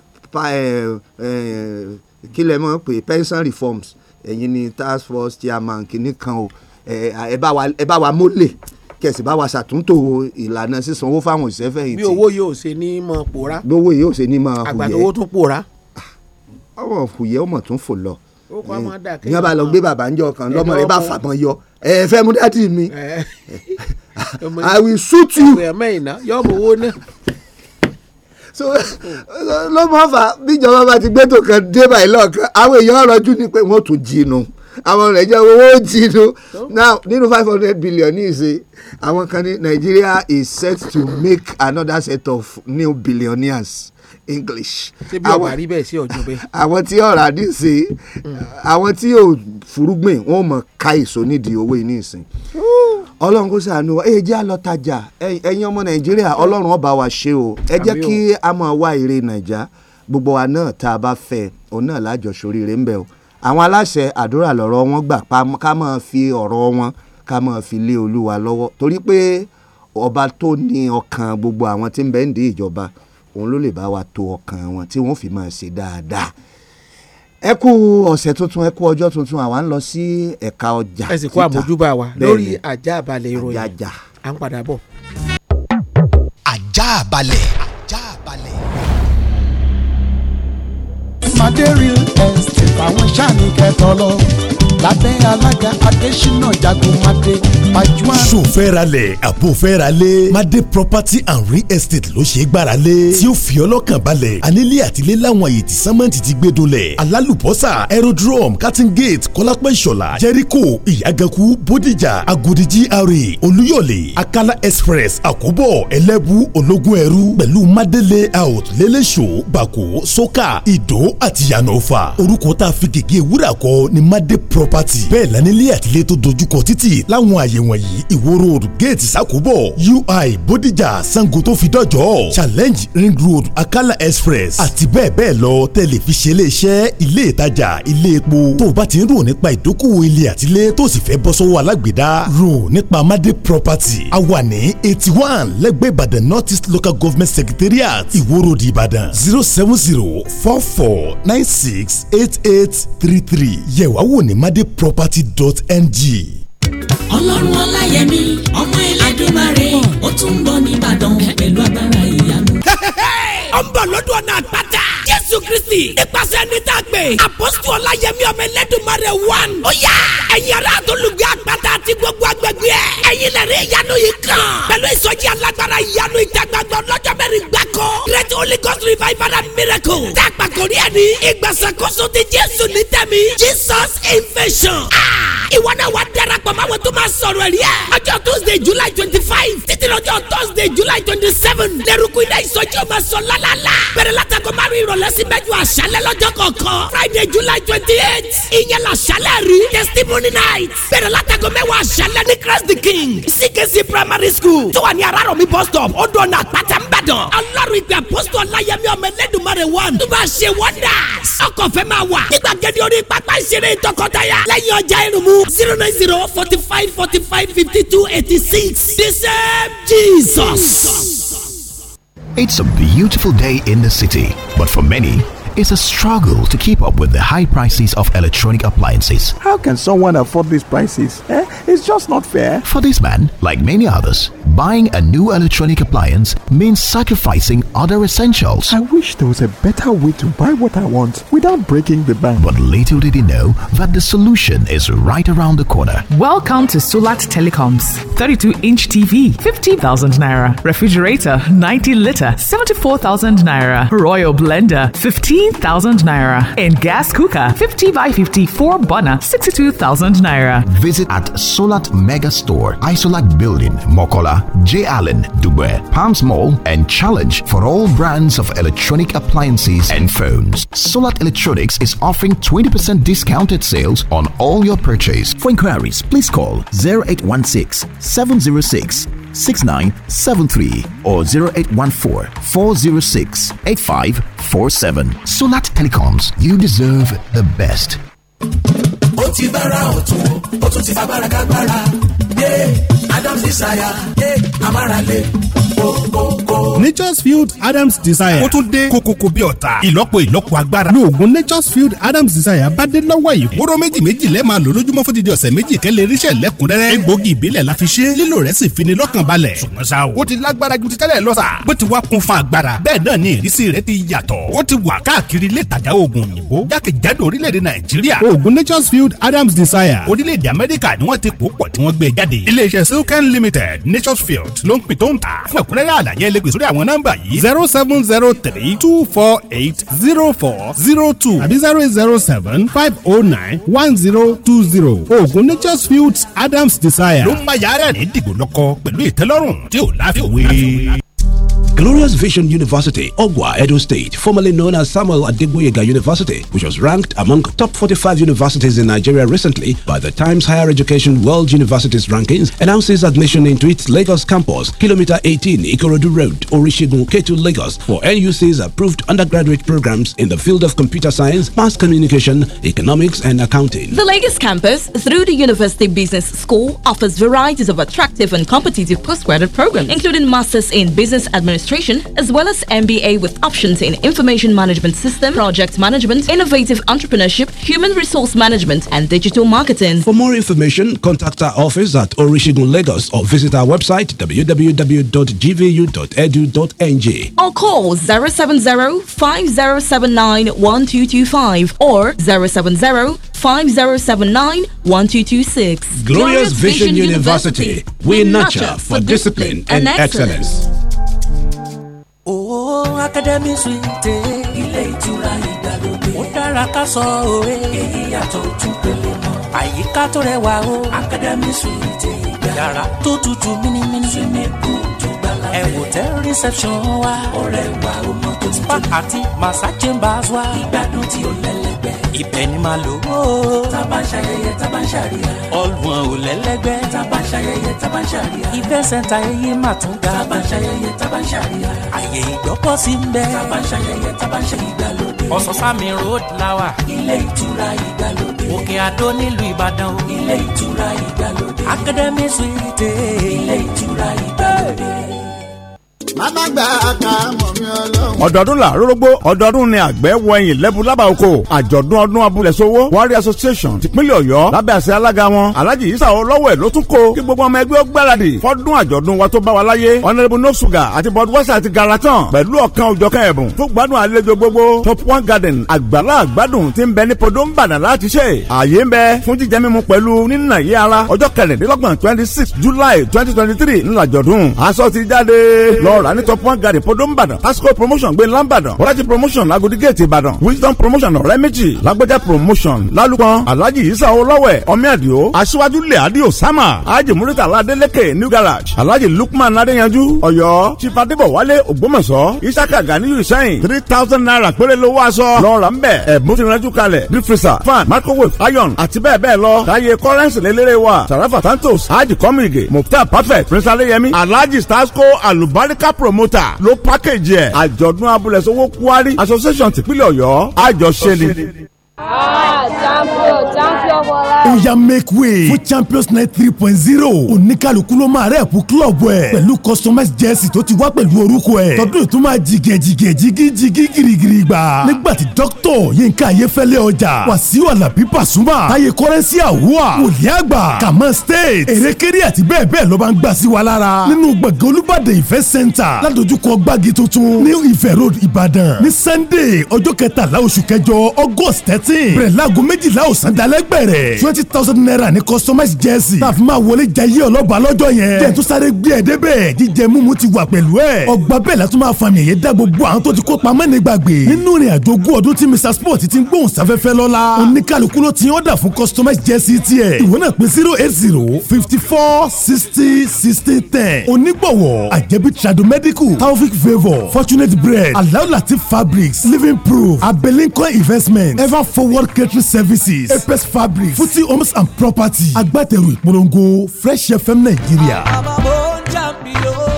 kí lẹ mọ̀ pé pension reforms ẹ̀yin ni task force chairman kìíní kan o ẹ bá wa mólè kẹsì bá wa ṣàtúntò ìlànà sísanwó fáwọn òṣìṣẹ́ fẹ̀yìntì. bí owó yóò ṣe ní mọ pòórá. bí owó yóò ṣe ní mọ hùyẹ́. àgbàdo owó tún pòórá. Ah, ọwọ́ hùyẹ́ ọmọ tún fò lọ ní wọn bá lọ gbé bàbá ń jọ kan lọmọ rẹ bá fàbọn yọ ẹ fẹ́ mú dádì mi <laughs> i will shoot you. so lọ́mọ fà bíjọba bá ti gbẹ́tò kan dé báyìí lọ́ọ̀kan àwọn èèyàn rọjú ni pé wọ́n tún jí inú àwọn nàìjíríà owó jìnnú now nínú five hundred billion ní ìṣe àwọn kan ní Nigeria is set to make another set of new billionaires english. ṣé bí ọba rí bẹ́ẹ̀ sí ọjọ́ bẹ́ẹ̀. <laughs> àwọn tí ọ̀rà ní ṣe àwọn tí yóò furugbìn wọn ò mọ̀ ká èso nídìí owó yìí ní ọlọ́run kò ṣàánú ẹ jẹ́ a ẹ̀yin ọmọ nàìjíríà ọlọ́run ọba wa ṣe o ẹ jẹ́ kí a máa wá ire nàìjà gbogbo wa náà tá a bá fẹ́ òun náà lájọṣoríire ń bẹ o àwọn aláṣẹ àdúrà lọ́rọ̀ wọn gbà ká máa fi ọ̀rọ̀ wọn ká máa fi lé olúwa lọ́wọ́ torí pé ọba tó ní ọkàn gbogbo àwọn tí ń bẹ ń di ìjọba òun ló lè bá wa to ọkàn wọn tí wọ́n fi máa ṣe dáadáa ẹ kú ọ̀sẹ̀ tuntun ẹ kú ọjọ́ tuntun àwa ń lọ sí ẹ̀ka ọjà títà ẹ sì kú àmójúbà wa lórí àjà àbálẹ̀ ìròyìn à ń padà bọ̀. àjà àbálẹ̀. Àmàdé real estate àwọn sáàni kẹtọ lọ lábẹ́ alága Adésínà jagun Mádé pajúwa. sòfẹ́ralẹ̀ àbòfẹ́ralẹ̀ Mádé property and real estate ló ṣe é gbáralẹ̀ tí ó fi ọlọ́kàn balẹ̀ anílé àtìlé láwọn àyè tí sẹ́mẹ́ǹtì ti gbé dolẹ̀ alálùbọ́sà aerodrome cutting gate kọ́lápẹ́ ìṣọ̀lá jẹ́ríkò ìyàgànkù bódìjà agodi GRA olúyọ̀lé akala express àkóbọ̀ ẹlẹ́bù ológun ẹrú pẹ̀lú Mádé layout lẹ́lẹ́sọ̀ bàkó sọ́kà ìdó àti àti yànnà ọ̀fà orúkọ tá a fi gègé wúrà kọ ni Made property bẹ́ẹ̀ lanílé àtìlẹ́ tó dojúkọ títì láwọn àyè wọ̀nyí Ìwó road gate Sákóbọ̀ UI Bódìjà Sango tó fi dọ́jọ́ challenge ring road Akala express àti bẹ́ẹ̀ bẹ́ẹ̀ lọ tẹlifíṣẹ́ iléeṣẹ́ ilé ìtajà ilé epo tó o bá ti ń rò nípa ìdókòwò ilé àtìlẹ́ tó sì fẹ́ bọ́ sọ́wọ́ alágbèédá rò nípa Made property a wà ní eighty one lẹ́gbẹ̀ẹ́ Ìbàdàn North East Local Government Secretariat Ìwó road Ìbàdàn zero seven zero four four nine six eight eight three three yẹ̀wá wò ní madeproperty.ng. ọlọ́run ọláyẹmí ọmọ ẹlẹ́dùnmáre ó tún ń bọ̀ nìbàdàn pẹ̀lú agbára ìyanu. ó bọ̀ lọ́dún ọ̀nà àpáta jésù kristi nípasẹ̀ ní tá a gbé apọ́sítù ọláyẹmí ọmọ ẹlẹ́dùnmọ́rẹ̀ one ó yá ẹ̀yin ará àtolùgbé àgbàtà àti gbogbo agbègbè ẹ̀ ẹ̀yin lẹ́rìí ìyanu yìí kan pẹ̀lú ìsọjí alágbára ìyanu ìtàgbàgbọ́ lọ́jọ́ mẹ́rin gbáko great holy God's revival and miracle tá a gbàgbọ́ rí ẹni ìgbàsàkóso ti jésù ní tẹ̀mí jesus invasion ah! ìwọ náà wà darapọ̀ máa wọ tó máa sọ̀rọ̀ rí ẹ̀. ọjọ́ tuesday july twenty five títí lọ́jọ́ thursday july twenty seven lẹ́rùkú ilé ìsọjí ọmọ sọ lálálá bẹ̀rẹ̀ látàgọ́ márùn-ún ìrọ̀lẹ́sì sí mẹ́jọ lọ́jọ́ kọ̀ọ̀kan friday july twenty eight ìyẹn làṣálẹ́ rí testimony night bẹ̀rẹ̀ látago mẹ́wàá àṣálẹ́ ní christ the king ckc primary school tó wà ní arárọ̀mí bus stop ó dọ̀nà àpáta ńbàdàn ọlọ́run ìgbà apostol ọláyẹmí ọmọ ẹlẹ́dùnmọ́rẹ̀ one tó bá ṣe wonders ọkọ̀ fẹ́ máa wà nígbà gẹ́gẹ́ orí pápá ìṣeré tọkọtaya lẹ́yìn ọjà irunmu zero nine zero forty five forty five fifty two eighty six the same jesus. jesus. It's a beautiful day in the city, but for many, it's a struggle to keep up with the high prices of electronic appliances. How can someone afford these prices? Eh? It's just not fair. For this man, like many others, buying a new electronic appliance means sacrificing other essentials. I wish there was a better way to buy what I want without breaking the bank. But little did he know that the solution is right around the corner. Welcome to Sulat Telecoms 32 inch TV, 50,000 naira. Refrigerator, 90 liter, 74,000 naira. Royal blender, 15 15,000 naira. In gas cooker, 50 by 50 4 burner, 62,000 naira. Visit at Solat Mega Store, Isolat Building, Mokola, J. Allen, Dubai, Palms Mall, and Challenge for all brands of electronic appliances and phones. Solat Electronics is offering 20% discounted sales on all your purchase. For inquiries, please call 0816 706 6973 or 0814 406 8547. Solat Telecoms, you deserve the best. ó ti bára ọ̀tún ó tún ti kágbára Adams desire amárale nature's field adams desire. ó tún dé kókókó bí ọ̀tá ìlọ́po ìlọ́po agbára. lóògùn nature's field adams desire bá dé lọ́wọ́ yìí. wóró méjì méjì lẹ́ẹ̀ máa lò lójúmọ́ fún dídí ọ̀sẹ̀ méjì kẹ́lẹ́ irísẹ́ lẹ́kùnrẹ́rẹ́. egbògi ìbílẹ̀ la fi ṣe lílò rẹ̀ sì fini lọ́kàn balẹ̀. ṣùgbọ́n sa o ó ti lágbára ju ti tẹ́lẹ̀ lọ sa. bó ti wá kún fún agbára bẹ́ẹ̀ náà ni ìrísí rẹ̀ ti yàtọ̀. ó ti wà káàkiri ilé ìtajà oògùn òyìnbó jákèjádò orílẹ̀-èdè nàìjíríà. oògùn nature's field adams desire. orílẹ̀-èdè amẹ́ríkà ni wọ́n ti pòpọ̀ tí wọ́n gbé e jáde. ilé iṣẹ́ silken limited nature's field ló ń pin tó ń ta. fún ẹ̀k ẹ̀kúnrẹ́rẹ́ àlàyé ẹ lè pè sórí àwọn nọ́mbà yìí zero seven zero three two four eight zero four zero two àbí zero eight zero seven five oh nine one zero two zero oògùn nature's fields adams desire ló ń bá yàrá ní dìgbò lọ́kọ pẹ̀lú ìtẹ́lọ́rùn tí ò láfiwé. Glorious Vision University, Ogwa, Edo State, formerly known as Samuel Adegboyega University, which was ranked among top 45 universities in Nigeria recently by the Times Higher Education World Universities Rankings, announces admission into its Lagos campus, Kilometer 18, Ikorodu Road, Orishigun, Ketu, Lagos, for NUC's approved undergraduate programs in the field of computer science, mass communication, economics, and accounting. The Lagos campus, through the University Business School, offers varieties of attractive and competitive postgraduate programs, including masters in business administration Administration, as well as MBA with options in Information Management System, Project Management, Innovative Entrepreneurship, Human Resource Management, and Digital Marketing. For more information, contact our office at Orishigun Lagos or visit our website www.gvu.edu.ng or call 070 5079 1225 or 070 5079 1226. Glorious Vision, University. University. We nurture for discipline and excellence. excellence. Oo Academy Suite. Ilé ìtura ìgbàlódé. Ó dára ká sọ òwe. Èyí yàtọ̀ ojú pele mọ́. Àyíká tó rẹwà o. Academy Suite ìgbà. Yàrá tó tutù mímímí. Swimming pool tó gbàlà bẹ́ẹ̀. Ẹ tẹ reception wa. Ọ̀rẹ́ wa ó mọ tó ti tó. Spa àti massage chambers wa. Ìgbádùn tí ó lẹ́lẹ́ ibẹ̀ ni màá lò ó. tábà ń ṣayẹyẹ tábà ń ṣàríyá. ọlùwọ̀n ò lẹ́lẹ́gbẹ́. tábà ń ṣayẹyẹ tábà ń ṣàríyá. ìfẹ́ sẹ́ńtà ẹyẹ mà tún ga. tábà ń ṣayẹyẹ tábà ń ṣàríyá. àyè ìgbọ́kọ̀ sí ń bẹ. tábà ń ṣayẹyẹ tábà ń ṣe ìgbàlódé. ọ̀sánsámi road lawa. ilé ìtura ìgbàlódé. òkè àdó nílùú ìbàdàn. ilé ìtura ìgbàlódé. academy suite. ilé ìtura ìgbàlódé Màmá gbà ká mọ̀ mi ọlọ́run. Ọ̀dọ̀ọdún là rórógbó ọ̀dọ̀ọdún ni àgbẹ̀ wọ̀nyí lẹ́bù lábà oko. Àjọ̀dún ọdún abúlé sowó Warrior Association tìpínlẹ̀ Ọ̀yọ́ lábẹ́ àṣẹ alága wọn. Alhaji Isa Ọlọ́wẹ̀ ló tún kó kí gbogbo ọmọ ẹgbẹ́ ó gbáradì fọ́dún àjọ̀dún wa tó bá wa láyé. Honourable No Sugar àti Budweiser àti Garatan pẹ̀lú ọ̀kan òjọ̀kan ẹ̀bùn tó gbádùn àlejò gbogbo. Top One Garden àgbàlá àgbádùn ti ń bẹ ní Podo ń bàdàn láti ṣe. Àyè ń bẹ fún jíjẹ mímu pẹ̀lú nínà yé ara ọjọ́ kẹrìndínlọ́gbọ̀n twenty six July twenty twenty three ńlá àjọ̀dún. Aṣọ ti jáde lọ ọ̀rá ní top one garden podo nìbàdàn tasco promotion gbé lánbàdàn bọ́lájì promotion lagodi gate ìbàdàn wisdom promotion ọ̀rẹ́ méjì lágbẹ́jà promotion lálùpọ̀n alhaji isa olọ́wẹ̀ ọmí àdìo aṣíwájú lè àdìo sama alhaji murita aládélékè new garage alhaji lukman adéyanjú ọ̀yọ́ chief adébọ̀wálé ògbómọ̀ṣọ́ isaka ganiyu ìsẹ́yìn three thousand naira péré ló wá aṣọ lọ́ọ̀rà ń bẹ̀ ẹ̀bùn ti rẹ́jú kalẹ̀ deep fan microwave iron àti bẹ́ẹ̀ bẹ́ẹ̀ lọ káyé currency lélẹ́rẹ́ wa sarafa santos alhaji kọ́mìgè mufta perfect prince adéyẹmí alhaji tasco alubarika star promoter ló package ẹ̀ àjọ̀dún abúlé sowó kwari association tìpínlẹ̀ ọ̀yọ́ àjọṣe ni. Ah, champion, make way fún champions night three point zero oníkàlùkù ló máa rẹ̀pù club ẹ̀ pẹ̀lú customized jersey tó ti wá pẹ̀lú orúkọ ẹ̀ tọdún tó máa jìgẹ̀ jìgẹ̀ jìgí jìgí girigiri gbà nígbà tí dókítọ̀ yínká ayéfẹ́lẹ́ ọjà wàsíù alábí pàṣùmà táyé kọ́rẹ́nsì àwùwà wòlíì àgbà kàmọ́ state èrèkéré àti bẹ́ẹ̀ bẹ́ẹ̀ ló máa ń gbà sí wa lára nínú gbọ̀ngàn olúbàdàn ìfẹ́ center ládojúkọ gbági tuntun ní ìfẹ́ road ìbàdàn ní sunday ọjọ́ kẹtàlá oṣù kẹjọ sixteen bẹ̀rẹ̀ láago méjìlá ọ̀sán dalẹ́ bẹ̀rẹ̀ twenty thousand naira ni customized jersey tá a fi máa wọlé jayé ọlọ́ba lọ́jọ́ yẹn jẹ́ tó sáré gbé ẹ̀ débẹ̀ jíjẹ mímu ti wà pẹ̀lú ẹ̀ ọgbà bẹ́ẹ̀ la tún máa fa mìíye dá gbogbo àwọn tó ti kó pamọ́ ní gbàgbé nínú ìrìn àjò ogún ọdún tí Mr Sport ti ń gbóhùn sáfẹ́fẹ́ lọ́la oníkàlùkù ló ti ọ̀dà fún customized jersey tiẹ̀ ìwọ náà pé zero eight zero fifty four sixty sixty ten onígbọ̀wọ̀ àjẹbí trado medical taofik favour fortunate bread alaulatif fabrics living proof abelinko investment ever forward catering services apes fabric futi homes and property agbátẹrù ìpolongo fresh fm nàìjíríà. àbàbò ń jà mí o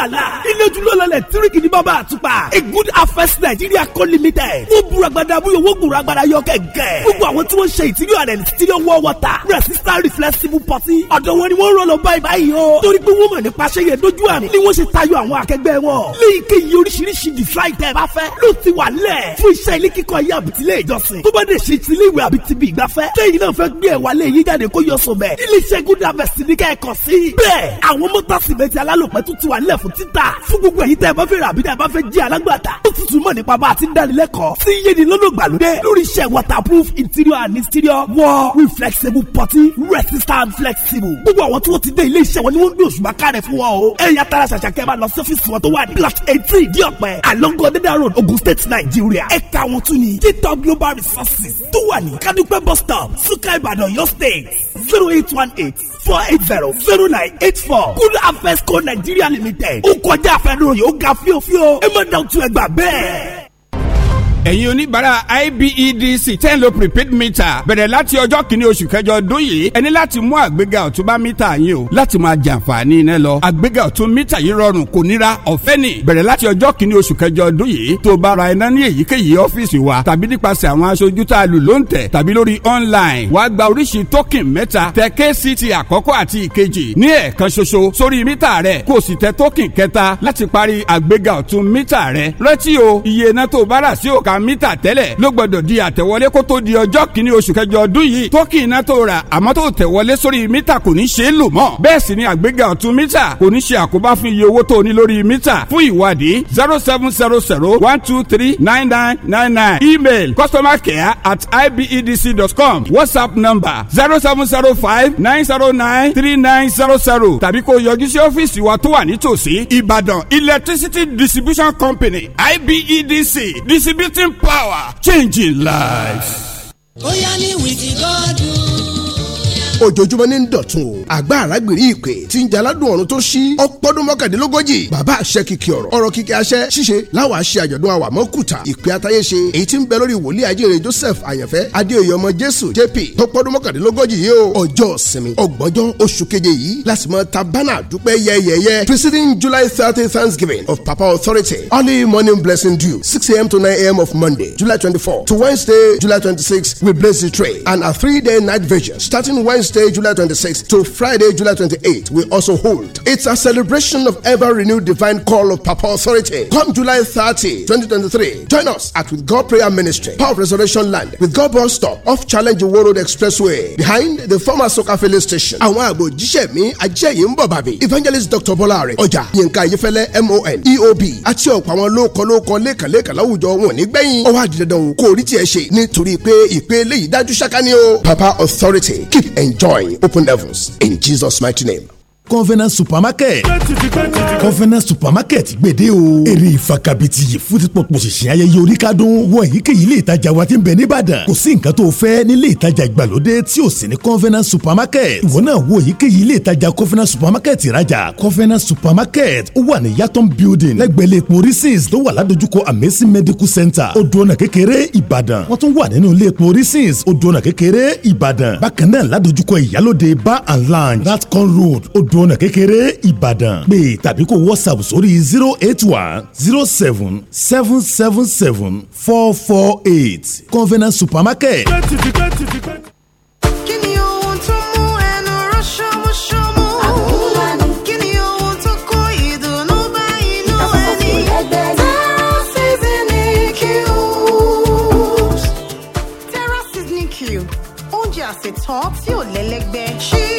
làlà ilé dúró lọlẹ̀ tíríkì ní bàbá àtúpà a good affairs Nigeria co limited wọ́n bu agbada abúlé wọ́n gùn agbada yọ kẹ̀kẹ́ gbogbo àwọn tí wọ́n ṣe ìtìlẹ̀ rẹ̀ ìtìlẹ̀ wọ́ wọ́ta resistant reflexible pọtí ọ̀dọ̀ wọn ni wọ́n rán lọ báyìí báyìí o torí pé wọ́n mọ̀ nípa ṣe yẹ dojú àmì ni wọ́n ṣe tayọ àwọn akẹgbẹ́ wọn léèké yìí oríṣiríṣi design tẹ́ ẹ bá fẹ́ ló ti wà lẹ̀ fún iṣẹ́ ilé kíkọ́ yẹ àbítílẹ̀ ìjọsìn tó bá dé ṣe ti ilé ìwé àbítíbi ìgbafẹ́ lẹ́yìn náà fẹ́ gbé ẹ̀wà lé yín jáde kó yọ sọ̀bẹ̀ ilé iṣẹ́ good harvest ní kẹ́ẹ̀kan sí bẹ́ẹ̀ àwọn mọ́tà sìmẹ́ntì alálòpẹ́ tó ti wà nílẹ̀ fún fún títà fún gbogbo ẹ̀yin tẹ́ ẹ bá fẹ́ rà àbí tẹ́ ẹ bá fẹ́ jẹ́ alágbàtà ó ti túmọ̀ nípa bá a ti ń dánilẹ́kọ̀ọ́ sí yéni lọ́lọ́gbàlódé lórí iṣẹ́ waterproof interior and exterior wall reflexible putty resistant flexible gbogbo àwọn tí wọ́n ti dé ilé iṣẹ́ wọn ni wọ́n ń gbé òṣùpá kárẹ̀ fún wọn o ẹ̀yin atara ṣàṣàkẹ́ máa lọ sọ́fíìsì wọn tó wà ní plot eighteen di ọ̀pẹ along odeda road Ogun State Nigeria ẹ̀ka wọn tún ni títọ́ global resources tó wà ní Kaduna bus stop Suka Ibadan Ọ̀yọ́ state zero eight one eight four eight zero zero nine eight four Good Affairs Co Limited ó kọjá àfẹnuròyìn ó ga fíofío ẹ má dàtú ẹgbà bẹ́ẹ̀ ẹ̀yin oníbàárà IBEDC ten lo prepaid meter bẹ̀rẹ̀ láti ọjọ́ kìíní oṣù kẹjọ ọdún yìí ẹni láti mú àgbéga ọ̀tún bá mítà yín o láti máa jàǹfààní iná lọ àgbéga ọ̀tún mítà yìí rọrùn kò nira ọ̀fẹ́ ni bẹ̀rẹ̀ láti ọjọ́ kìíní oṣù kẹjọ ọdún yìí tó bá ra iná ní èyíkéyìí ọ́fíìsì wa tàbí nípasẹ̀ àwọn aṣojú tá a lù ló ń tẹ̀ tàbí lórí online wàá gba oríṣi token mẹ́ta tẹ kct àkọ́kọ́ àti ìkejì ní ẹ̀ẹ̀kan ṣoṣo sórí mítà rẹ kó o sì tẹ token kẹta láti parí àgbéga ọ̀tún mítà rẹ rántí o iye iná tó kan mítà tẹ́lẹ̀ ló gbọ́dọ̀ di àtẹ̀wọlé kó tó di ọjọ́ kìíní oṣù kẹjọ ọdún yìí tó kì í ná tó rà àmọ́ tó tẹ̀wọlé sórí mítà kò ní ṣe é lò mọ́ bẹ́ẹ̀ sì ni àgbéga ọ̀tún mítà kò ní ṣe àkóbá fún iye owó tó ní lórí mítà fún ìwádìí zero seven zero zero one two three nine nine nine nine email customercare at ibedc dot com whatsapp number zero seven zero five nine zero nine three nine zero zero tàbí kó yọjú sí ọ́fíìsì wa tó wà nítòsí Ìbàdàn Electricity Distribution Company IBEDC distributing Shifting power, changing lives. Ó yá ní wìtí gọ́dùn ojoojúmọ́ ní dọ̀tun o àgbà àràgbèrè ìpè tí ń jaládùn ọ̀run tó ṣí ọpọ́dún mọ́kàndínlógójì bàbá àṣẹ kìkì ọ̀rọ̀ ọ̀rọ̀ kìkì àṣẹ ṣíṣe láwọn àṣẹ àjọ̀dún àwàmọ́kùtà ìpè àtayé ṣe èyí tí ń bẹ lórí wòlíì ajínrere Joseph àyànfẹ́ adéoyè ọmọ Jésù JP tọpọ́dún mọ́kàndínlógójì yìí o ọjọ́ sinmi ọgbọ́njọ́ oṣù keje yìí láti mọ tabana dúpẹ́ preceding July thirty Thanksgiving of Papa Authority early morning blessing due six a.m. to nine a.m. of Monday July twenty-four to Wednesday July twenty-six we bless the tray and a three-day night vigil starting Wednesday. Thursday, July 26th to Friday, July 28th, we also hold. It's a celebration of ever renewed divine call of Papa authority. Come July 30, 2023, join us at With God Prayer Ministry, Power of Resurrection Land, With God Bus Stop, off Challenge World Road Expressway, behind the former Soka filling station. Àwọn àgbò jíṣẹ́ mi ajẹ́yìn ń bọ̀ bàbí. Evangelist Dr. Bọ́láre, ọjà Yínká Ayéfẹ́lẹ́ MON, EOB àti ọ̀pọ̀ àwọn lóòkọ́ lóòkọ́ lẹ́kànlẹ́kàn láwùjọ wọn ní gbẹ̀yìn. Ọwọ́ àdìdàdàn kò rí tiẹ̀ ṣe nítorí pé ìpele yìí dájú ṣáká ni o. Papa authority keep enjoying. join open heavens in Jesus' mighty name. convenience supermarket convenience supermarket gbèdé o èrè ìfakabiti yìí fún títpọ̀ pòṣìṣì ayẹyẹ oríkádùn wọ èyíkéyìí ilé ìtajà wa ti ń bẹ nìbàdàn kò sí nǹkan tó o fẹ́ nílé ìtajà ìgbàlódé tí ò sí ní convenience supermarket ìwọ náà wo èyíkéyìí ilé ìtajà convenience supermarket ìrajà convenience supermarket ó wà ní yàtọ̀ building lẹ́gbẹ̀ẹ́ lẹ́pọ̀ reasons tó wà ládojúkọ amazing medical center odò ọ̀nà kékeré ìbàdàn wọ́n tún wà nínú lẹ́pọ̀ reasons odò ọ̀nà kékeré ìbàdàn bákan náà ládojúkọ ìyálòde bar and lounge ratcon road odò ẹnu ọ̀nà kékeré ìbàdàn pé tàbí kó whatsapp sórí zero eight one zero seven seven seven seven four four eight convenience supermarket. tí ò lẹ́lẹ́gbẹ́. ṣé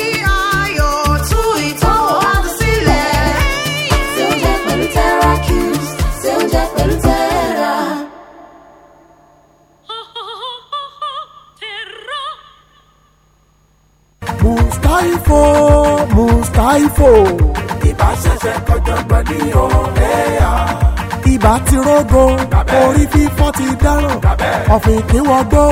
mustaifo mustaifo. ibà ṣẹ̀ṣẹ̀ kọjọ́gbọ́n ní ọ̀rẹ́ à. ibà ti rógo orí fífọ́ ti dáràn ọ̀fìn kí wọ́n